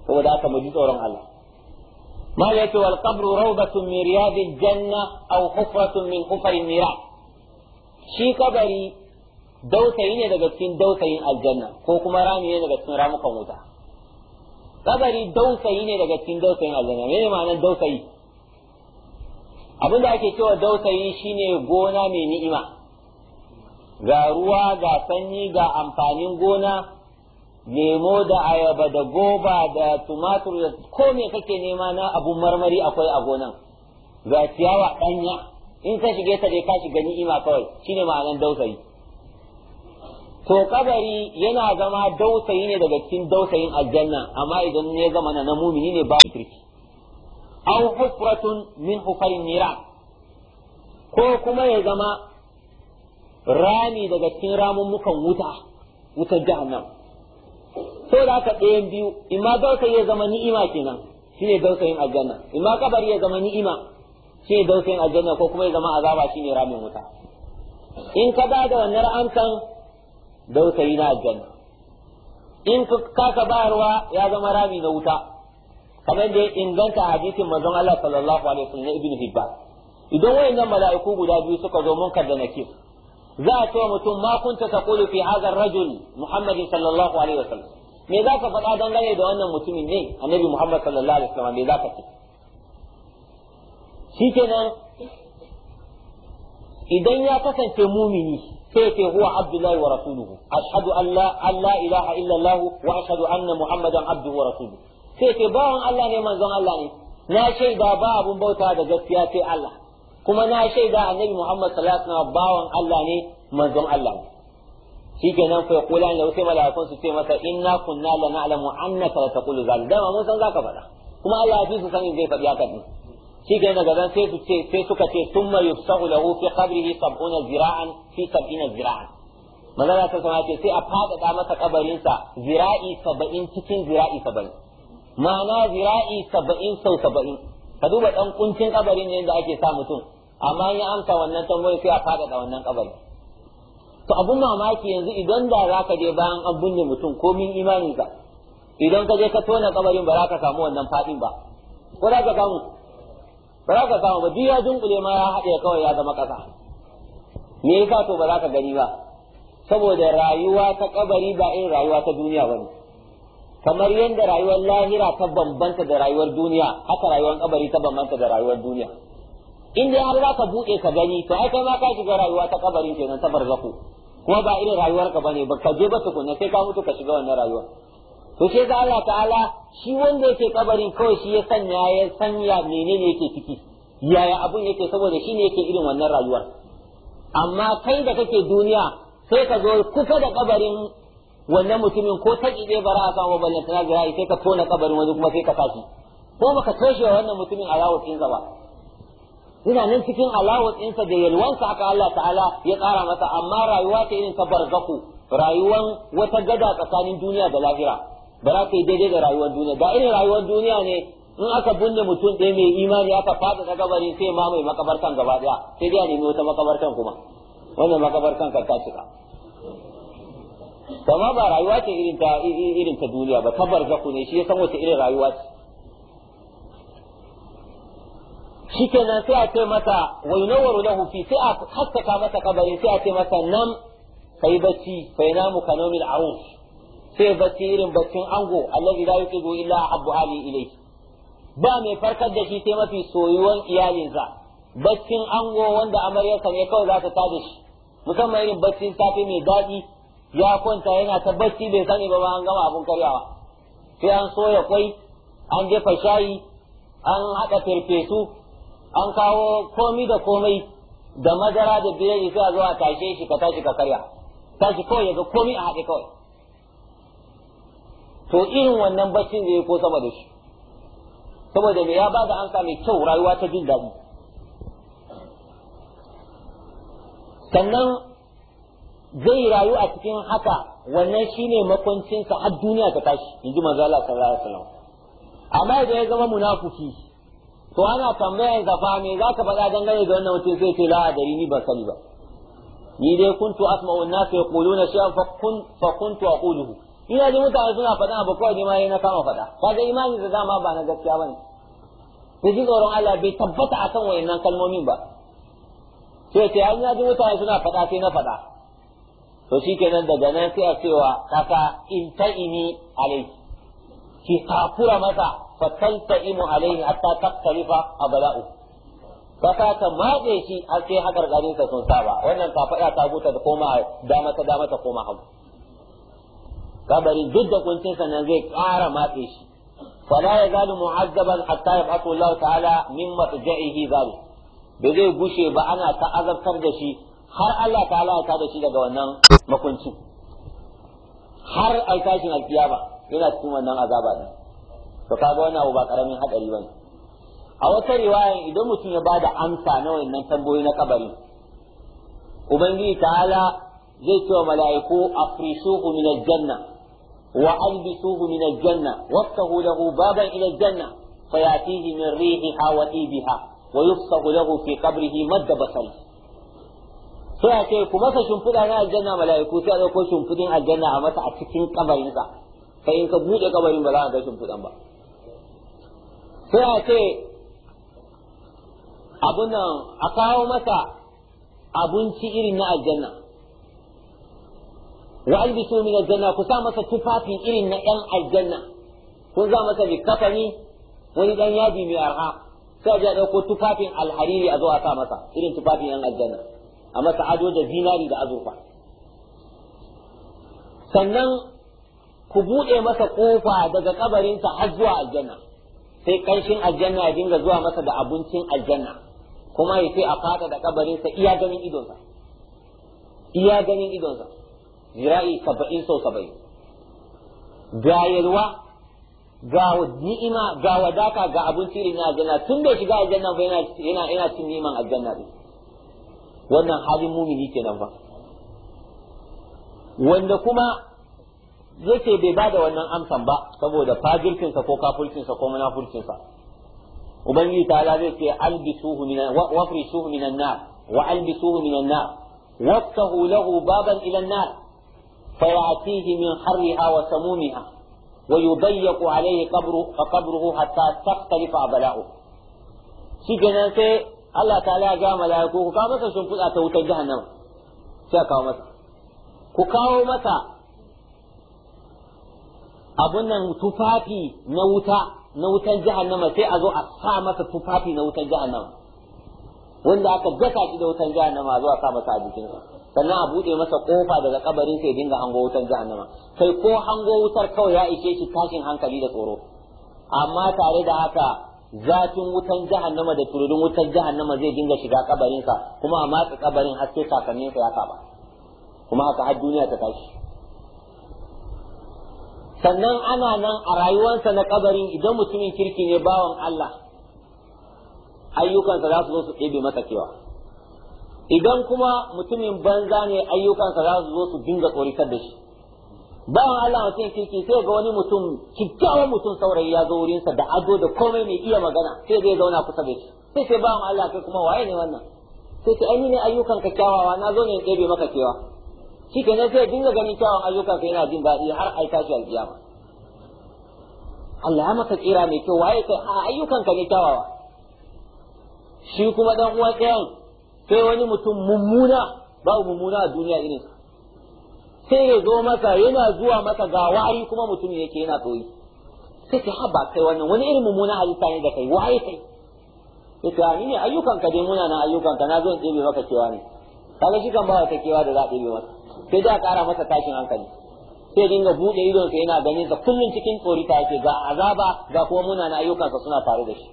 saboda aka mu ji tsoron Allah ما ليت والقبر روضة من رياض الجنة أو حفرة من حفر النار شي قبري dausayi ne daga cikin dausayin aljanna ko kuma rami ne daga cikin ramukan wuta kabari dausayi ne daga cikin dausayin aljanna abin da ake cewa dausayi shine gona mai ni'ima ga ruwa ga sanyi ga amfanin gona Nemo da ayaba da goba da tumatur da ko me kake nema na abun marmari akwai a gonan ga ciyawa danya in ka shige ta dai ka shiga ni'ima kawai shine ma'anan dausayi to kabari yana zama dausayi ne daga cikin dausayin aljanna amma idan ne zama na mumini ne ba kirki aw hufratun min hufarin nira ko kuma ya zama rami daga cikin ramun mukan wuta wutar jahannam so da haka ɗayan biyu imma dausayi ya zama ni'ima kenan shine dausayin aljanna imma kabari ya zama ni'ima shine dausayin aljanna ko kuma ya zama azaba shine ramin wuta in ka da wannan ra'ankan dausayi na aljanna in ka kasa bayarwa ya zama rami na wuta kamar da inganta hadisin manzon Allah sallallahu alaihi wasallam na ibnu hibba idan wayannan mala'iku guda biyu suka zo munkar na nakir za a cewa mutum ma ta taqulu fi hadha ar-rajul Muhammad sallallahu alaihi wa sallam me za ka faɗa dangane da wannan mutumin ne annabi Muhammad sallallahu alaihi wa sallam me za ka ce shikenan idan ya kasance mumini sai ce huwa abdullahi wa rasuluhu ashhadu an la alla ilaha illa allah wa ashhadu anna muhammadan abduhu wa rasuluhu sai ce bawan Allah ne manzon Allah ne na shaida ba abun bauta da gaskiya sai Allah kuma na shaida annabi Muhammad sallallahu alaihi wasallam bawan Allah ne manzon Allah ne shikenan fa yaqula la sai mala'ikun su ce masa inna kunna la na'lamu annaka la taqulu zalik dama mun san zaka faɗa kuma Allah ya fi su in zai faɗi haka din shikenan daga zan sai su ce sai suka ce thumma yufsahu lahu fi qabrihi sab'una zira'an fi sab'ina zira'an manzon ta sama ce sai a fadada masa kabarinsa zira'i saba'in cikin zira'i saba'in ma'ana zira'i saba'in sau saba'in ka duba ɗan kuncin kabarin ne da ake sa mutum amma in amsa wannan tambayoyi sai a fada da wannan kabari to abun mamaki yanzu idan da zaka je bayan an binne mutum min imanin ka idan ka je ka tona kabarin ba za ka samu wannan fadin ba ko za ka samu ba za ka samu ba duk ya dunkule ma ya haɗe kawai ya zama ƙasa me yasa to ba za ka gani ba saboda rayuwa ta kabari ba irin rayuwa ta duniya ba ne. kamar yadda rayuwar lahira ta bambanta da rayuwar duniya haka rayuwar kabari ta bambanta da rayuwar duniya in dai har ka buɗe ka gani to ai kai ma ka shiga rayuwa ta kabarin kenan ta barzaku kuma ba irin rayuwar ka bane ba ka je ba tukunna sai ka mutu ka shiga wannan rayuwa to sai ga Allah ta'ala shi wanda yake kabari kawai shi ya sanya ya sanya menene yake ciki yaya abun yake saboda shi ne yake irin wannan rayuwar amma kai da kake duniya sai ka zo kusa da kabarin wannan mutumin ko ta ƙiɗe ba a samu tana jira sai ka tona kabarin wani kuma sai ka tashi ko baka toshe wannan mutumin alawar ɗinsa ba ina nan cikin alawar ɗinsa da yalwansa aka Allah ta'ala ya tsara masa amma rayuwa ta irin ta barzaku rayuwan wata gada tsakanin duniya da lahira ba za ka yi daidai da rayuwar duniya da irin rayuwar duniya ne in aka binne mutum ɗaya mai imani aka fada ta gabari sai ma mai makabartan gaba ɗaya sai dai a nemi wata makabartan kuma wannan makabartan kan ta cika kama ba rayuwa ce irin ta irin ta duniya ba ta barzaku ne shi ya san wace irin rayuwa ce Shi ke nan sai a ce masa wainawaru na hufi sai a haskaka masa kabarin sai a ce masa nan kai bacci fa yanamu da aus sai bacci irin baccin ango allazi la yuqidu illa abu ali ilai. ba mai farkar da shi sai mafi soyuwan iyalinsa baccin ango wanda amaryarsa ne kawai za ta tada shi musamman irin baccin safe mai daɗi ya kwanta yana ta bacci bai sani ba an gama abun karyawa sai an soya kwai an jefa shayi an haɗa farfesu an kawo komi da komai da madara da biredi sai a zo a tashe shi ka tashi ka karya tashi kawai ya ga komi a haɗe kawai to irin wannan baccin zai ko sama da shi saboda me ya ba da ansa mai kyau rayuwa ta jin daɗi sannan zai rayu a cikin haka wannan shine makwancinsa har duniya ta tashi inji manzo Allah sallallahu alaihi wasallam amma idan ya zama munafiki to ana tambayar fa me ka faɗa dangane ga wannan mutum sai ce la adari ni ban sani ba ni dai kuntu asma'u an-nas yaquluna shay'an fa kun fa kuntu aquluhu ina ji mutane suna faɗa ba kawai ne ma na kama faɗa da imani da dama ba na gaskiya bane sai ji tsoron Allah bai tabbata akan wayannan kalmomin ba sai ce an ina ji mutane suna faɗa sai na faɗa to shi kenan daga nan sai a cewa kasa in ta ini alai ki kafura masa fa tanta imu alai hatta taktalifa abala'u kasa ta mace shi har sai hakar garin sa sun saba wannan ka faɗa ta guta da koma dama ta dama ta koma hagu kabari duk da kuncin sa nan zai ƙara matse shi fala ya zalu mu'azzaban hatta yab'athu Allah ta'ala min matja'ihi zalu bai zai gushe ba ana ta azabtar da shi har Allah ta ala da shi daga wannan makuncin har alkashin alkiyama yana cikin wannan azaba din to kaga wannan abu ba karamin hadari bane a wata riwaya idan mutum ya bada amsa na wannan tambayoyi na kabari ubangiji ta'ala zai ce wa mala'iku afrisuhu min aljanna wa albisuhu min aljanna waftahu lahu baban ila aljanna fayatihi min rihiha wa ibiha wa yufsahu lahu fi qabrihi madda basari sai a ce ku masa shimfiɗa na aljanna mala'iku sai a ɗauko shimfiɗin aljanna a masa a cikin kabarinsa kai in ka buɗe kabarin ba za a ga shimfiɗan ba sai a ce abun nan a kawo masa abinci irin na aljanna wa albisu min aljanna ku sa masa tufafin irin na ɗan aljanna kun za masa kafani wani ɗan yaji mai arha sai a ɗauko tufafin alhariri a zo a sa masa irin tufafin ɗan aljanna a masa ado da zinari da azurfa sannan ku buɗe masa ƙofa daga kabarinsa har zuwa aljanna sai ƙanshin aljanna ya dinga zuwa masa da abincin aljanna kuma ya sai a fata da kabarinsa iya ganin idonsa iya ganin idonsa zira'i saba'in sau saba'in ga yalwa ga ni'ima ga wadaka ga abinci irin na aljanna tun bai shiga aljanna ba yana yana cin niman aljanna din wannan halin mumini kenan ba wanda kuma yake bai ba da wannan amsan ba saboda fajirkinsa ko kafircinsa ko munafurcinsa ubangiji ta ala zai ce albisuhu minan wafrisuhu minan nar wa albisuhu minan nar waftahu lahu baban ila nar فيأتيه من حرها وسمومها ويضيق عليه قبره, قبره حتى تختلف أبلاؤه sai. Allah ta ya ga malaiku ku kawo masa fuda ta wutar jahannama sai kawo masa ku kawo masa abun nan tufafi na wuta na wutar jahannama sai a zo a sa masa tufafi na wutar jahannama wanda aka gasa shi da wutar jahannama zuwa sa masa a jikinsa sannan a buɗe masa kofa daga kabarin sai dinga hango wutar jahannama sai ko hango wutar kawai ya ishe shi tashin hankali da tsoro amma tare da haka zafin wutan jahannama da turudin wutan jahannama zai dinga shiga kabarinka kuma a matsa kabarin har sai kakanninsa ya saba kuma haka har duniya ta tashi sannan ana nan a rayuwarsa na kabarin idan mutumin kirki ne bawan Allah ayyukansa za su zo su ɗebe masa kewa idan kuma mutumin banza ne ayyukansa za su zo su dinga tsoritar da shi bawan Allah mutum kirki sai ga wani mutum kikkiawan mutum saurayi ya zo wurinsa da ado da komai mai iya magana sai zai zauna kusa da shi sai sai bawan Allah kai kuma waye ne wannan sai sai ainihin ayyukan ka kyawawa na zo ne in ɗebe maka kewa shi kenan sai dinga ganin kyawun ayyukan ka yana jin daɗi har ai tashi alƙiyama Allah ya maka tsira mai kyau waye kai a ayyukan ka ne kyawawa shi kuma dan uwa ɗayan sai wani mutum mummuna babu mummuna a duniya irinsa sai ya zo masa yana zuwa masa ga wayi kuma mutum yake yana koyi sai ki haba kai wannan wani irin mummuna halitta ne da kai waye kai ita ni ne ayyukan ka dai muna na ayyukan ka na zo in ɗebe maka cewa ne kaga shi kan bawa ta kewa da za a ɗebe masa sai da ƙara masa tashin hankali sai dinga buɗe idonsa yana ganin sa kullum cikin ta yake ga azaba ga kuma muna na ayyukansa suna faru da shi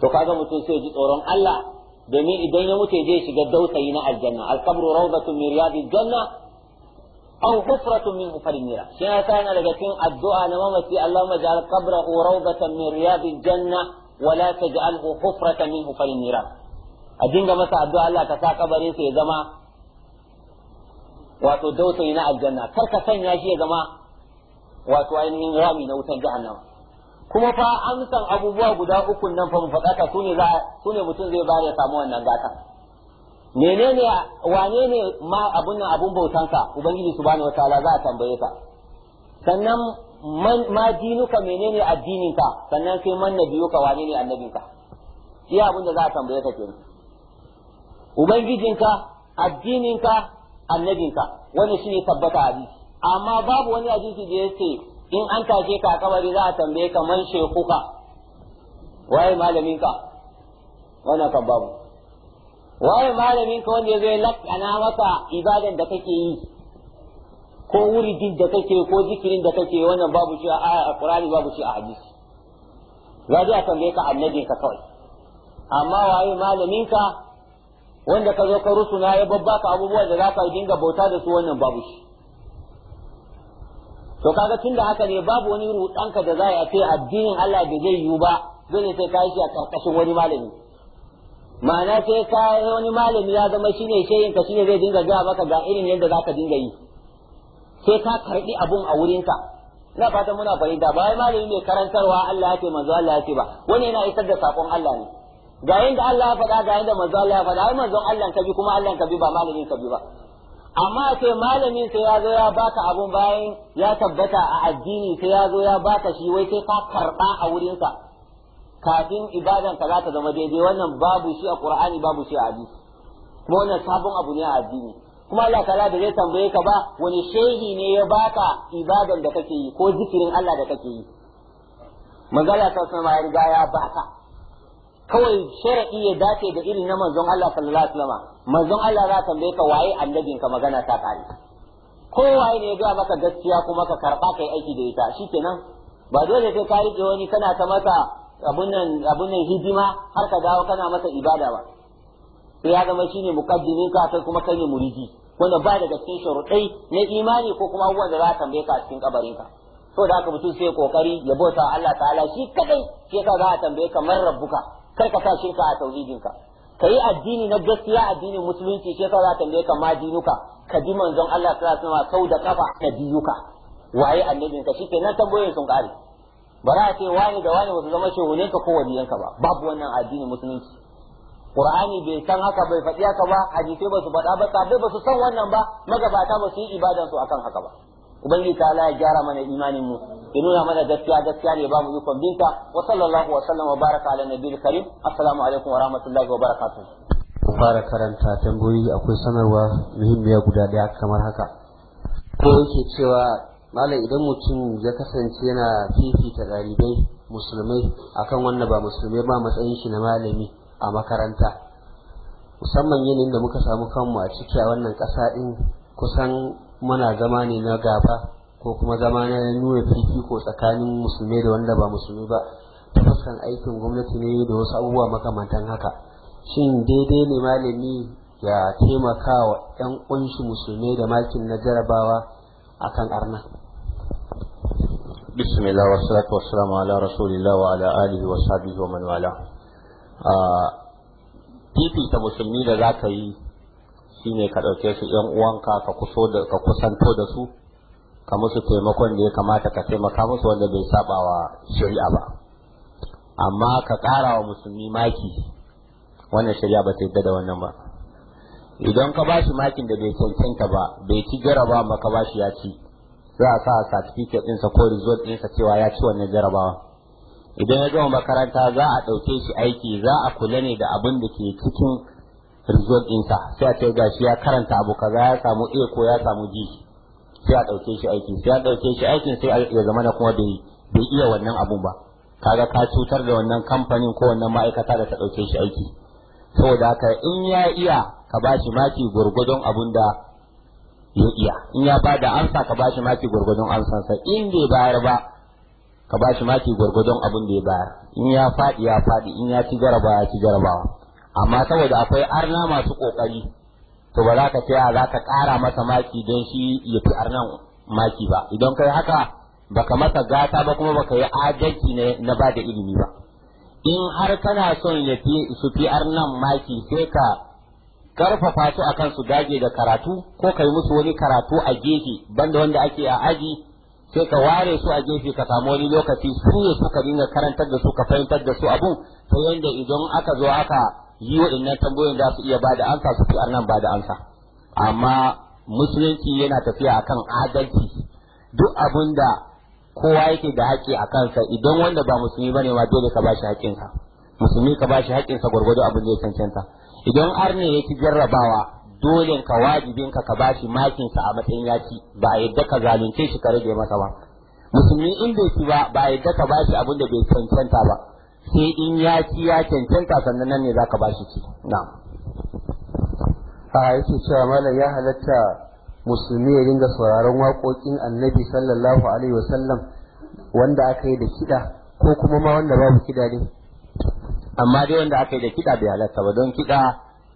to kaga mutum sai ji tsoron Allah domin idan ya mutu je shiga dausayi na aljanna alqabru rawdatun min riyadil janna aw hufratun min hufarin nira shi ya sa yana daga cikin addu'a na mamaci Allahumma ja'al qabrahu rawdatan min riyadil janna wa la taj'alhu hufratan min hufarin nira a dinga masa addu'a Allah ka sa kabarin sa ya zama wato dausayi na aljanna kar ka sanya shi ya zama wato ainihin rami na wutar jahannama kuma fa amsan abubuwa guda uku nan fa mu faɗaka su ne su ne mutum zai bari ya samu wannan gata menene wane ne ma abun nan abun bautanka ubangiji subhanahu wataala za a tambaye ka sannan ma dinuka menene addininka sannan sai man nabiyuka wane ne annabinka shi abun da za a tambaye ka kenan ubangijinka addininka annabinka wannan shine tabbata hadisi amma babu wani hadisi da yake in an tashe ka kabari za a tambaye ka man shekuka waye malamin ka wannan kan babu waye malamin ka wanda zai zo lakana maka ibadan da kake yi ko wuridin da kake ko zikirin da kake wannan babu shi a alqur'ani babu shi a hadisi za a tambaye ka annabin ka kawai amma waye malamin ka wanda ka zo ka rusuna ya babba ka abubuwa da za ka dinga bauta da su wannan babu shi to kaga tun da haka ne babu wani rudanka da za a ce addinin Allah da zai yiwu ba dole sai ka shi a karkashin wani malami ma'ana sai ka wani malami ya zama shine shehin ka shine zai dinga ga maka ga irin yadda zaka dinga yi sai ka karbi abun a wurinka ina fatan muna fahimta ba wai malami mai karantarwa Allah ya ce manzo Allah ya ce ba wani yana isar da sakon Allah ne ga yanda Allah ya faɗa ga yanda manzo Allah ya faɗa ai manzo Allah ka bi kuma Allah ka bi ba malamin ka bi ba amma sai malamin sai ya zo ya baka abun bayan ya tabbata a addini sai ya zo ya baka shi wai sai ka karba a wurinsa kafin ibadan ka za ta zama daidai wannan babu shi a qur'ani babu shi a hadisi kuma wannan sabon abu ne a addini kuma Allah ta'ala da zai tambaye ka ba wani shehi ne ya baka ibadan da kake yi ko zikirin Allah da kake yi magana ta sama ya riga ya baka kawai sharadi ya dace da irin na manzon Allah sallallahu alaihi wasallam manzon Allah za ka ka waye annabin ka magana ta kare ko waye ne ya maka gaskiya kuma ka karba kai aiki da ita kenan. ba dole sai ka rike wani kana ta mata abun nan abun hidima har ka dawo kana masa ibada ba sai ya zama shine muqaddimin ka kai kuma kai ne muridi wanda ba da cikin sharuɗai na imani ko kuma abubuwan da za ka ka a cikin kabarin ka so da haka mutum sai kokari ya bauta Allah ta'ala shi kadai sai ka za a tambaye ka man rabbuka kar ka sa shirka a tauhidin ka Ka yi addini na gaskiya addinin musulunci shi yasa za ta tambaye ka ma dinuka ka ji manzon Allah sallallahu alaihi sau da kafa na diyuka waye annabin ka nan tambayoyin sun kare ba za a ce wani da wani wasu zama shehunen ka ko waliyan ka ba babu wannan addinin musulunci Qur'ani bai san haka bai faɗi haka ba hadisai ba su faɗa ba sabai ba su san wannan ba magabata ba su yi ibadan su akan haka ba ubangiji ta Allah ya gyara mana imanin mu ya nuna mana gaskiya gaskiya ne ba mu ikon binta wa sallallahu wa wa baraka ala nabiyil karim assalamu alaikum wa rahmatullahi wa barakatuh fara karanta tambayoyi akwai sanarwa muhimmiya guda daya kamar haka ko yake cewa malam idan mutum ya kasance yana fifita ɗalibai musulmai akan wanda ba musulmai ba matsayin shi na malami a makaranta musamman yanayin da muka samu kanmu a ciki a wannan kasa ɗin kusan muna zama ne na gaba ko kuma zama na nuna ko tsakanin musulmi da wanda ba musulmi ba ta fuskan aikin gwamnati ne da wasu abubuwa makamantan haka shin daidai ne malami ya taimaka wa 'yan kunshi musulmi da makin na jarabawa kan arna bismillah wa salatu ala rasulillah wa ala alihi wa wa man wala ta musulmi da za ka yi shine ka ɗauke su 'yan uwanka ka kusanto da su ka musu taimakon da ya kamata ka taimaka musu wanda bai saba wa shari'a ba amma ka kara wa musulmi maki wannan shari'a ba ta yadda da wannan ba idan ka ba shi makin da bai cancanta ba bai ci jaraba ba ka ba shi ya ci za a sa certificate ɗinsa ko result ɗinsa cewa ya ci wannan jarabawa idan ya gama makaranta za a ɗauke shi aiki za a kula ne da abin da ke cikin rizot ɗinsa sai a ce gashi ya karanta abu kaza ya samu a ko ya samu ji sai a ɗauke shi aiki sai a ɗauke shi aikin sai ya zama na kuma bai bai iya wannan abun ba kaga ka cutar da wannan kamfanin ko wannan ma'aikata da ta ɗauke shi aiki saboda haka in ya iya ka ba shi maki gurgudun abun da ya iya in ya ba da amsa ka ba shi maki gurgudun amsansa in bai bayar ba ka ba shi maki gurgudun abun da ya bayar in ya faɗi ya faɗi in ya ci jarabawa ya ci jarabawa amma saboda akwai arna masu ƙoƙari to ba za ka ce za ka ƙara masa maki don shi ya fi arnan maki ba idan kai haka ba ka masa gata ba kuma ba ka yi adalci ne na ba da ilimi ba in har kana son ya fi su fi arnan maki sai ka karfafa su akan su dage da karatu ko kai musu wani karatu a gefe banda wanda ake a aji sai ka ware su a gefe ka samu wani lokaci su ne suka dinga karantar da su ka fahimtar da su abu ta yanda idan aka zo aka yi waɗannan tambayoyin za su iya ba da ansa su fi nan ba da ansa amma musulunci yana tafiya akan adalci duk abin da kowa yake da haƙƙi a kansa idan wanda ba musulmi ba ne ma dole ka ba shi haƙƙinsa musulmi ka ba shi haƙƙinsa gwargwado abin da ya cancanta idan arne ya ci jarrabawa dole ka wajibin ka ka shi makinsa a matsayin yaki ba a yadda ka zalunce shi ka rage masa ba musulmi in bai ci ba ba a yadda ka bashi abin da bai cancanta ba sai in ya ci ya cancanta sannan nan ne za ka bashi ci na. a yake cewa malam ya halatta musulmi ya dinga sauraron waƙoƙin annabi sallallahu alaihi wasallam wanda aka yi da kiɗa ko kuma ma wanda babu kiɗa ne amma dai wanda aka yi da kiɗa bai halatta ba don kiɗa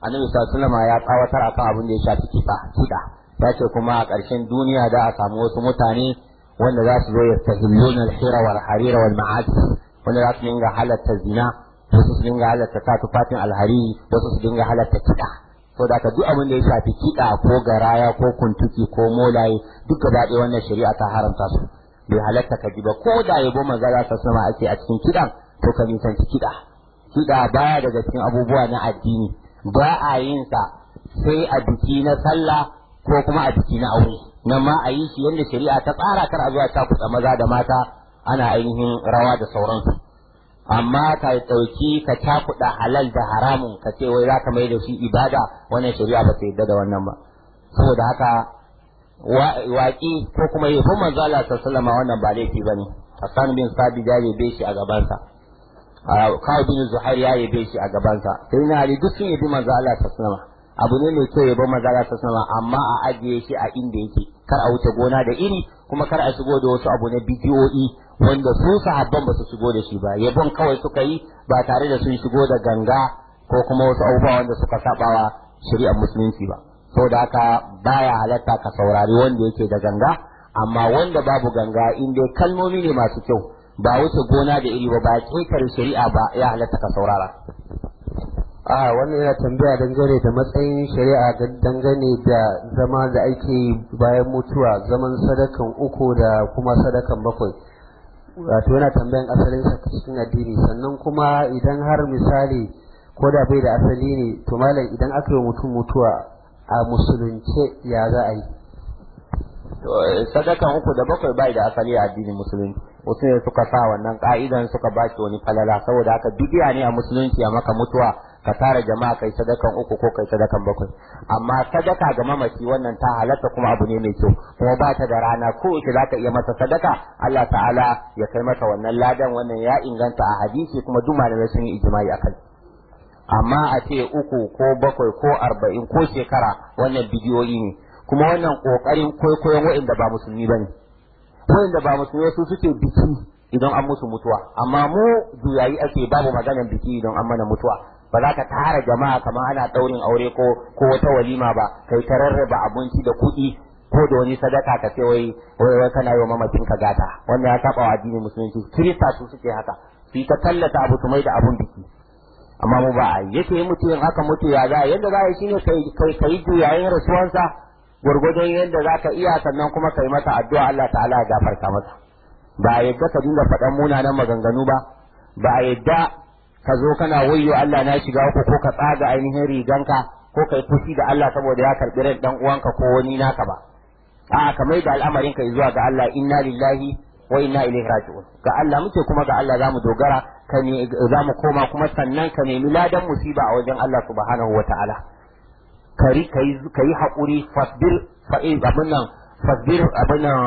annabi sallallahu alaihi ya tsawatar akan abin da ya shafi kiɗa kiɗa ta ce kuma a ƙarshen duniya da a samu wasu mutane wanda za su zo ya sahilluna al-hira wal harira wal ma'ad Wani za su dinga halatta zina wasu su dinga halatta sa tufafin alhariri wasu su dinga halatta kiɗa da ka duk abin da ya shafi kiɗa ko garaya ko kuntuki ko molaye duk gaba ɗaya wannan shari'a ta haramta su bai halatta ka ji ba ko da yabo za ta sama ake a cikin kiɗan to ka nisanci kiɗa kiɗa baya daga cikin abubuwa na addini ba a yin sa sai a biki na sallah ko kuma a biki na aure nan ma a yi shi yadda shari'a ta tsara kar a zuwa ta kusa maza da mata ana ainihin rawa da sauransu amma ka ɗauki ka takuɗa halal da haramun ka ce wai za ka mai da shi ibada wannan shari'a ba ta yadda da wannan ba saboda haka waƙi ko kuma yi hun manzo Allah sallallahu wannan ba laifi bane Hassan bin Sabi ya yabe shi a gabansa Kawo bin Zuhair ya yabe shi a gabansa sai na Ali duk sun yabi manzo Allah sallallahu abu ne mai kyau yabo manzo Allah sallallahu amma a ajiye shi a inda yake kar a wuce gona da iri kuma kar a shigo da wasu abu na bidiyoyi wanda su sahabban ba su shigo da shi ba yabon kawai suka yi ba tare da sun shigo da ganga ko kuma wasu abubuwa wanda suka wa shari'ar musulunci ba da haka baya halatta ka saurari wanda yake da ganga amma wanda babu ganga in dai kalmomi ne masu kyau ba wuce gona da iri ba ba ƙetare shari'a ba ya halatta ka saurara a wannan yana tambaya dangane da matsayin shari'a dangane da zama da ake bayan mutuwa zaman sadakan uku da kuma sadakan bakwai wato yana tambayan asalin sa cikin addini sannan kuma idan har misali ko da bai da asali ne to malam idan aka yi mutum mutuwa a musulunce ya za a yi eh, sadakan uku da bakwai bai da asali a addinin musulunci wasu ne suka sa wannan ka'idan suka ba wani falala saboda haka bidiya ne a musulunci a maka mutuwa ka tara jama'a kai sadakan uku ko kai sadakan bakwai amma sadaka ga mamaci wannan ta halatta kuma abu ne mai kyau kuma ba ta da rana ko za iya masa sadaka Allah ta'ala ya kai maka wannan ladan wannan ya inganta a hadisi kuma duk malamai sun yi ijma'i akan amma a ce uku ko bakwai ko arba'in ko shekara wannan bidiyoyi ne kuma wannan kokarin kwaikwayon wa'inda ba musulmi ne wa'inda ba musulmi su suke biki idan an musu mutuwa amma mu juyayi ake babu maganar biki idan an mana mutuwa ba za ka tara jama'a kamar ana ɗaurin aure ko wata walima ba kai ta rarraba abinci da kuɗi ko da wani sadaka ka ce wai wai kana yi wa mamacin ka gata wannan ya taɓa wa addinin musulunci kirista su suke haka su ta tallata abu su mai da abun biki amma mu ba a yi yake mutu yin haka mutu ya za yadda za a yi shine kai kai kai juyayin rasuwansa gurgudun yadda za ka iya sannan kuma ka yi masa addu'a Allah ta'ala ya gafarta masa ba a yadda ka dinga faɗan munanan maganganu ba ba a yadda ka zo kana wayyo Allah na shiga uku ko ka tsaga ainihin riganka ko kai fushi da Allah saboda ya karbi ran dan uwanka ko wani naka ba a ka mai da al'amarin ka zuwa ga Allah inna lillahi wa inna ilaihi raji'un ga Allah muke kuma ga Allah zamu dogara ka ne zamu koma kuma sannan ka nemi ladan musiba a wajen Allah subhanahu wataala kari kai kai hakuri fasbir fa in eh, abin nan fasbir abin nan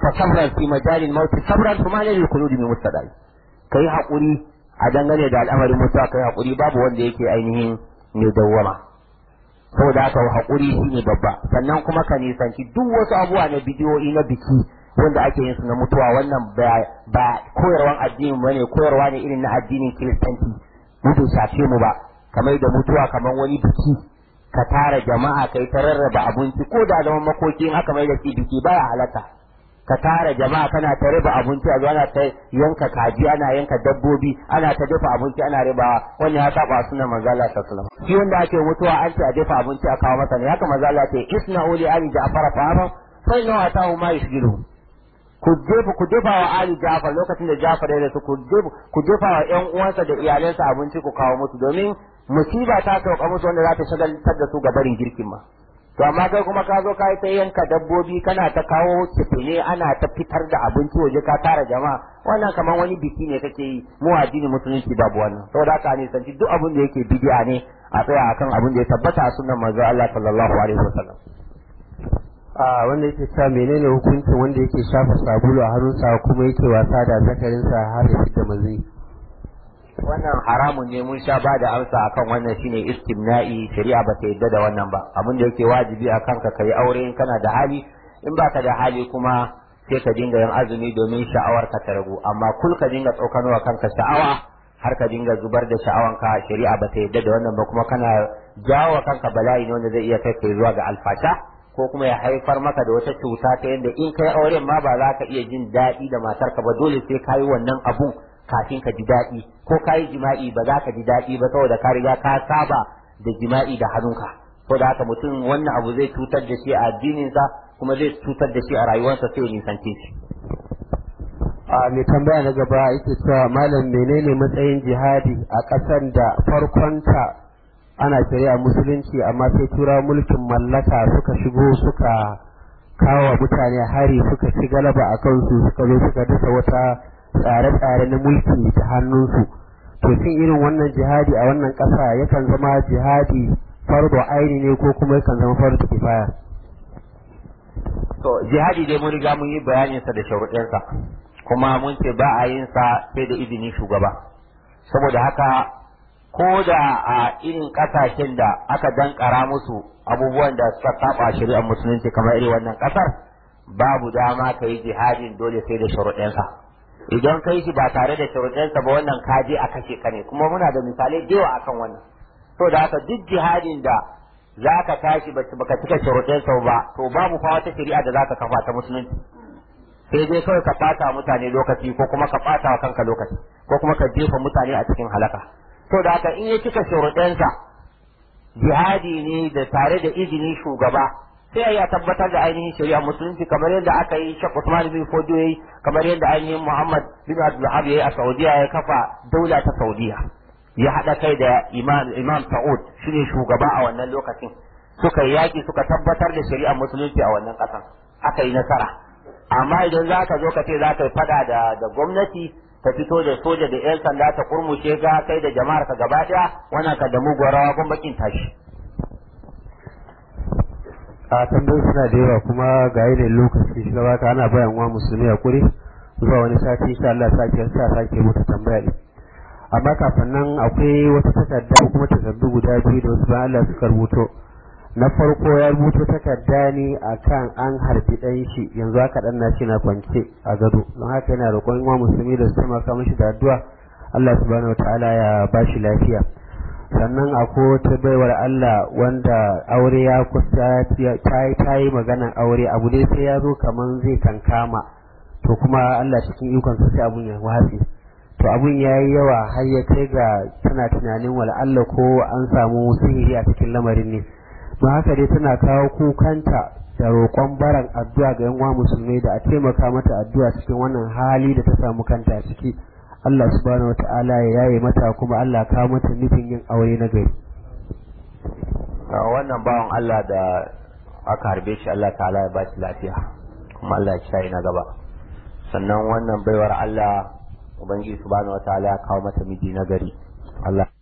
fa sabran fi majalil maut sabran kuma ne kullu bi mustadai kai hakuri a dangane da al'amarin mutuwa kai hakuri babu wanda yake ainihin ne dawwama saboda haka hakuri shine babba sannan kuma ka nisanci duk wasu abubuwa na bidiyoyi na biki wanda ake yin su na mutuwa wannan ba koyarwan addini ne koyarwa ne irin na addinin kiristanci mutu shafe mu ba kamar da mutuwa kamar wani biki ka tara jama'a kai ta rarraba abinci ko da zaman makoki in aka mai da shi biki baya halaka ka tara jama'a kana ta riba abinci a zuwa ta yanka kaji ana yanka dabbobi ana ta dafa abinci ana ribawa wani ya saba sunan manzo Allah sallallahu alaihi wasallam shi wanda ake mutuwa an ce a dafa abinci a kawo masa ne haka manzo Allah ce isna uli ali ja'far fa'ama fa nawa atahu ma yashgilu ku dafa ku dafa wa ali ja'far lokacin da ja'far ya su ku dafa ku dafa wa ƴan uwansa da iyalansa abinci ku kawo musu domin musiba ta sauka musu wanda za ta shagaltar da su ga barin girkin ma to amma kai kuma ka zo ka yi ta yanka dabbobi kana ta kawo cipine ana ta fitar da abinci waje ka tara jama'a wannan kamar wani biki ne kake yi mu addini musulunci babu wannan saboda haka ne sanci duk abin da yake bid'a ne a tsaya akan abin da ya tabbata a sunnan manzo Allah sallallahu alaihi wasallam a wanda yake cewa menene hukuncin wanda yake shafa sabulu a hannunsa kuma yake wasa da zakarinsa har ya fitar da mazai. wannan haramun ne mun sha ba da amsa akan wannan shine istimna'i shari'a ba ta yadda da wannan ba abin da yake wajibi a kanka ka yi aure in kana da hali in ba ka da hali kuma sai ka dinga yin azumi domin sha'awar ka ta ragu amma kul ka dinga tsokanowa kanka sha'awa har ka dinga zubar da sha'awanka shari'a ba ta yadda da wannan ba kuma kana jawo kanka bala'i ne wanda zai iya kai kai zuwa ga alfasha ko kuma ya haifar maka da wata cuta ta yadda in kai auren ma ba za ka iya jin daɗi da matarka ba dole sai ka yi wannan abun kafin ka ji daɗi ko ka yi jima'i ba za ka ji daɗi ba saboda ka riga ka saba da jima'i da hannunka ko da haka mutum wannan abu zai cutar da shi a addininsa kuma zai cutar da shi a rayuwarsa sai ya nisance shi a mai tambaya na gaba yake cewa malam menene matsayin jihadi a ƙasar da farkonta ana shari'a musulunci amma sai tura mulkin mallaka suka shigo suka kawo mutane hari suka ci galaba a kansu suka zo suka dasa wata tsare-tsare na mulki ta hannunsu to irin wannan jihadi a wannan ƙasa yakan zama jihadi fardu aini ne ko kuma yakan zama fardu kifaya to jihadi dai mun riga mun yi bayanin sa da sharuɗinsa kuma mun ce ba a yin sa sai da izinin shugaba saboda haka ko da a irin kasashen da aka dankara musu abubuwan da suka saba shari'ar musulunci kamar irin wannan kasar babu dama ka yi jihadin dole sai da sharuɗinsa idan kai shi ba tare da sharuɗansa ba wannan kaji a kashe ka ne kuma muna da misalai da yawa akan wannan to da haka duk jihadin da zaka tashi baka cika sharuɗansa ba to babu fa wata shari'a da zaka kafa ta musulunci sai dai kawai ka fata mutane lokaci ko kuma ka fata wa kanka lokaci ko kuma ka jefa mutane a cikin halaka to da haka in ya cika sharuɗansa jihadi ne da tare da izini shugaba sai ya tabbatar da ainihin shari'a musulunci kamar yadda aka yi Sheikh Usman bin yayi kamar yadda ainihin Muhammad bin Abdul Wahab yayi a Saudiya ya kafa daula ta Saudiya ya hada kai da Imam Imam Saud shine shugaba a wannan lokacin suka yaki suka tabbatar da shari'a musulunci a wannan kasan aka yi nasara amma idan za ka zo ka ce za ka yi fada da da gwamnati ka fito da soja da 'yan sanda ta kurmushe ga kai da jama'ar ka gaba daya wannan ka da mugun rawa gwamnatin tashi a tambayi suna da yawa kuma ga yi lokaci shi gaba ana bayan wa musulmi a kuri zuwa wani sati insha Allah sake sa sake mutu tambaya ne amma kafin nan akwai wata takarda kuma takardu guda biyu da wasu bayan Allah suka rubuto na farko ya rubuto takarda ne akan an harbi ɗan shi yanzu haka ɗan na shi na kwance a gado don haka yana roƙon wa musulmi da su taimaka mashi da addu'a Allah subhanahu wataala ya bashi lafiya sannan akwai wata baiwar Allah wanda aure ya kusa ta yi maganan aure abu ne sai ya zo kaman zai kankama to kuma Allah cikin ikon sa sai abun ya watsi to abun ya yi yawa har ya kai ga tana tunanin wala Allah ko an samu sihiri a cikin lamarin ne don haka dai tana kawo kukanta da roƙon baran addu'a ga yan musulmai da a taimaka mata addu'a cikin wannan hali da ta samu kanta ciki Allah subhanahu wata'ala ya yaye mata kuma Allah ka mata nufin yin aure na gari wannan bawan Allah da aka harbe shi Allah ta'ala ya ba shi lafiya kuma Allah ya shayi na gaba sannan wannan baiwar Allah ubangiji subhanahu wata'ala ya kawo mata miji na gari Allah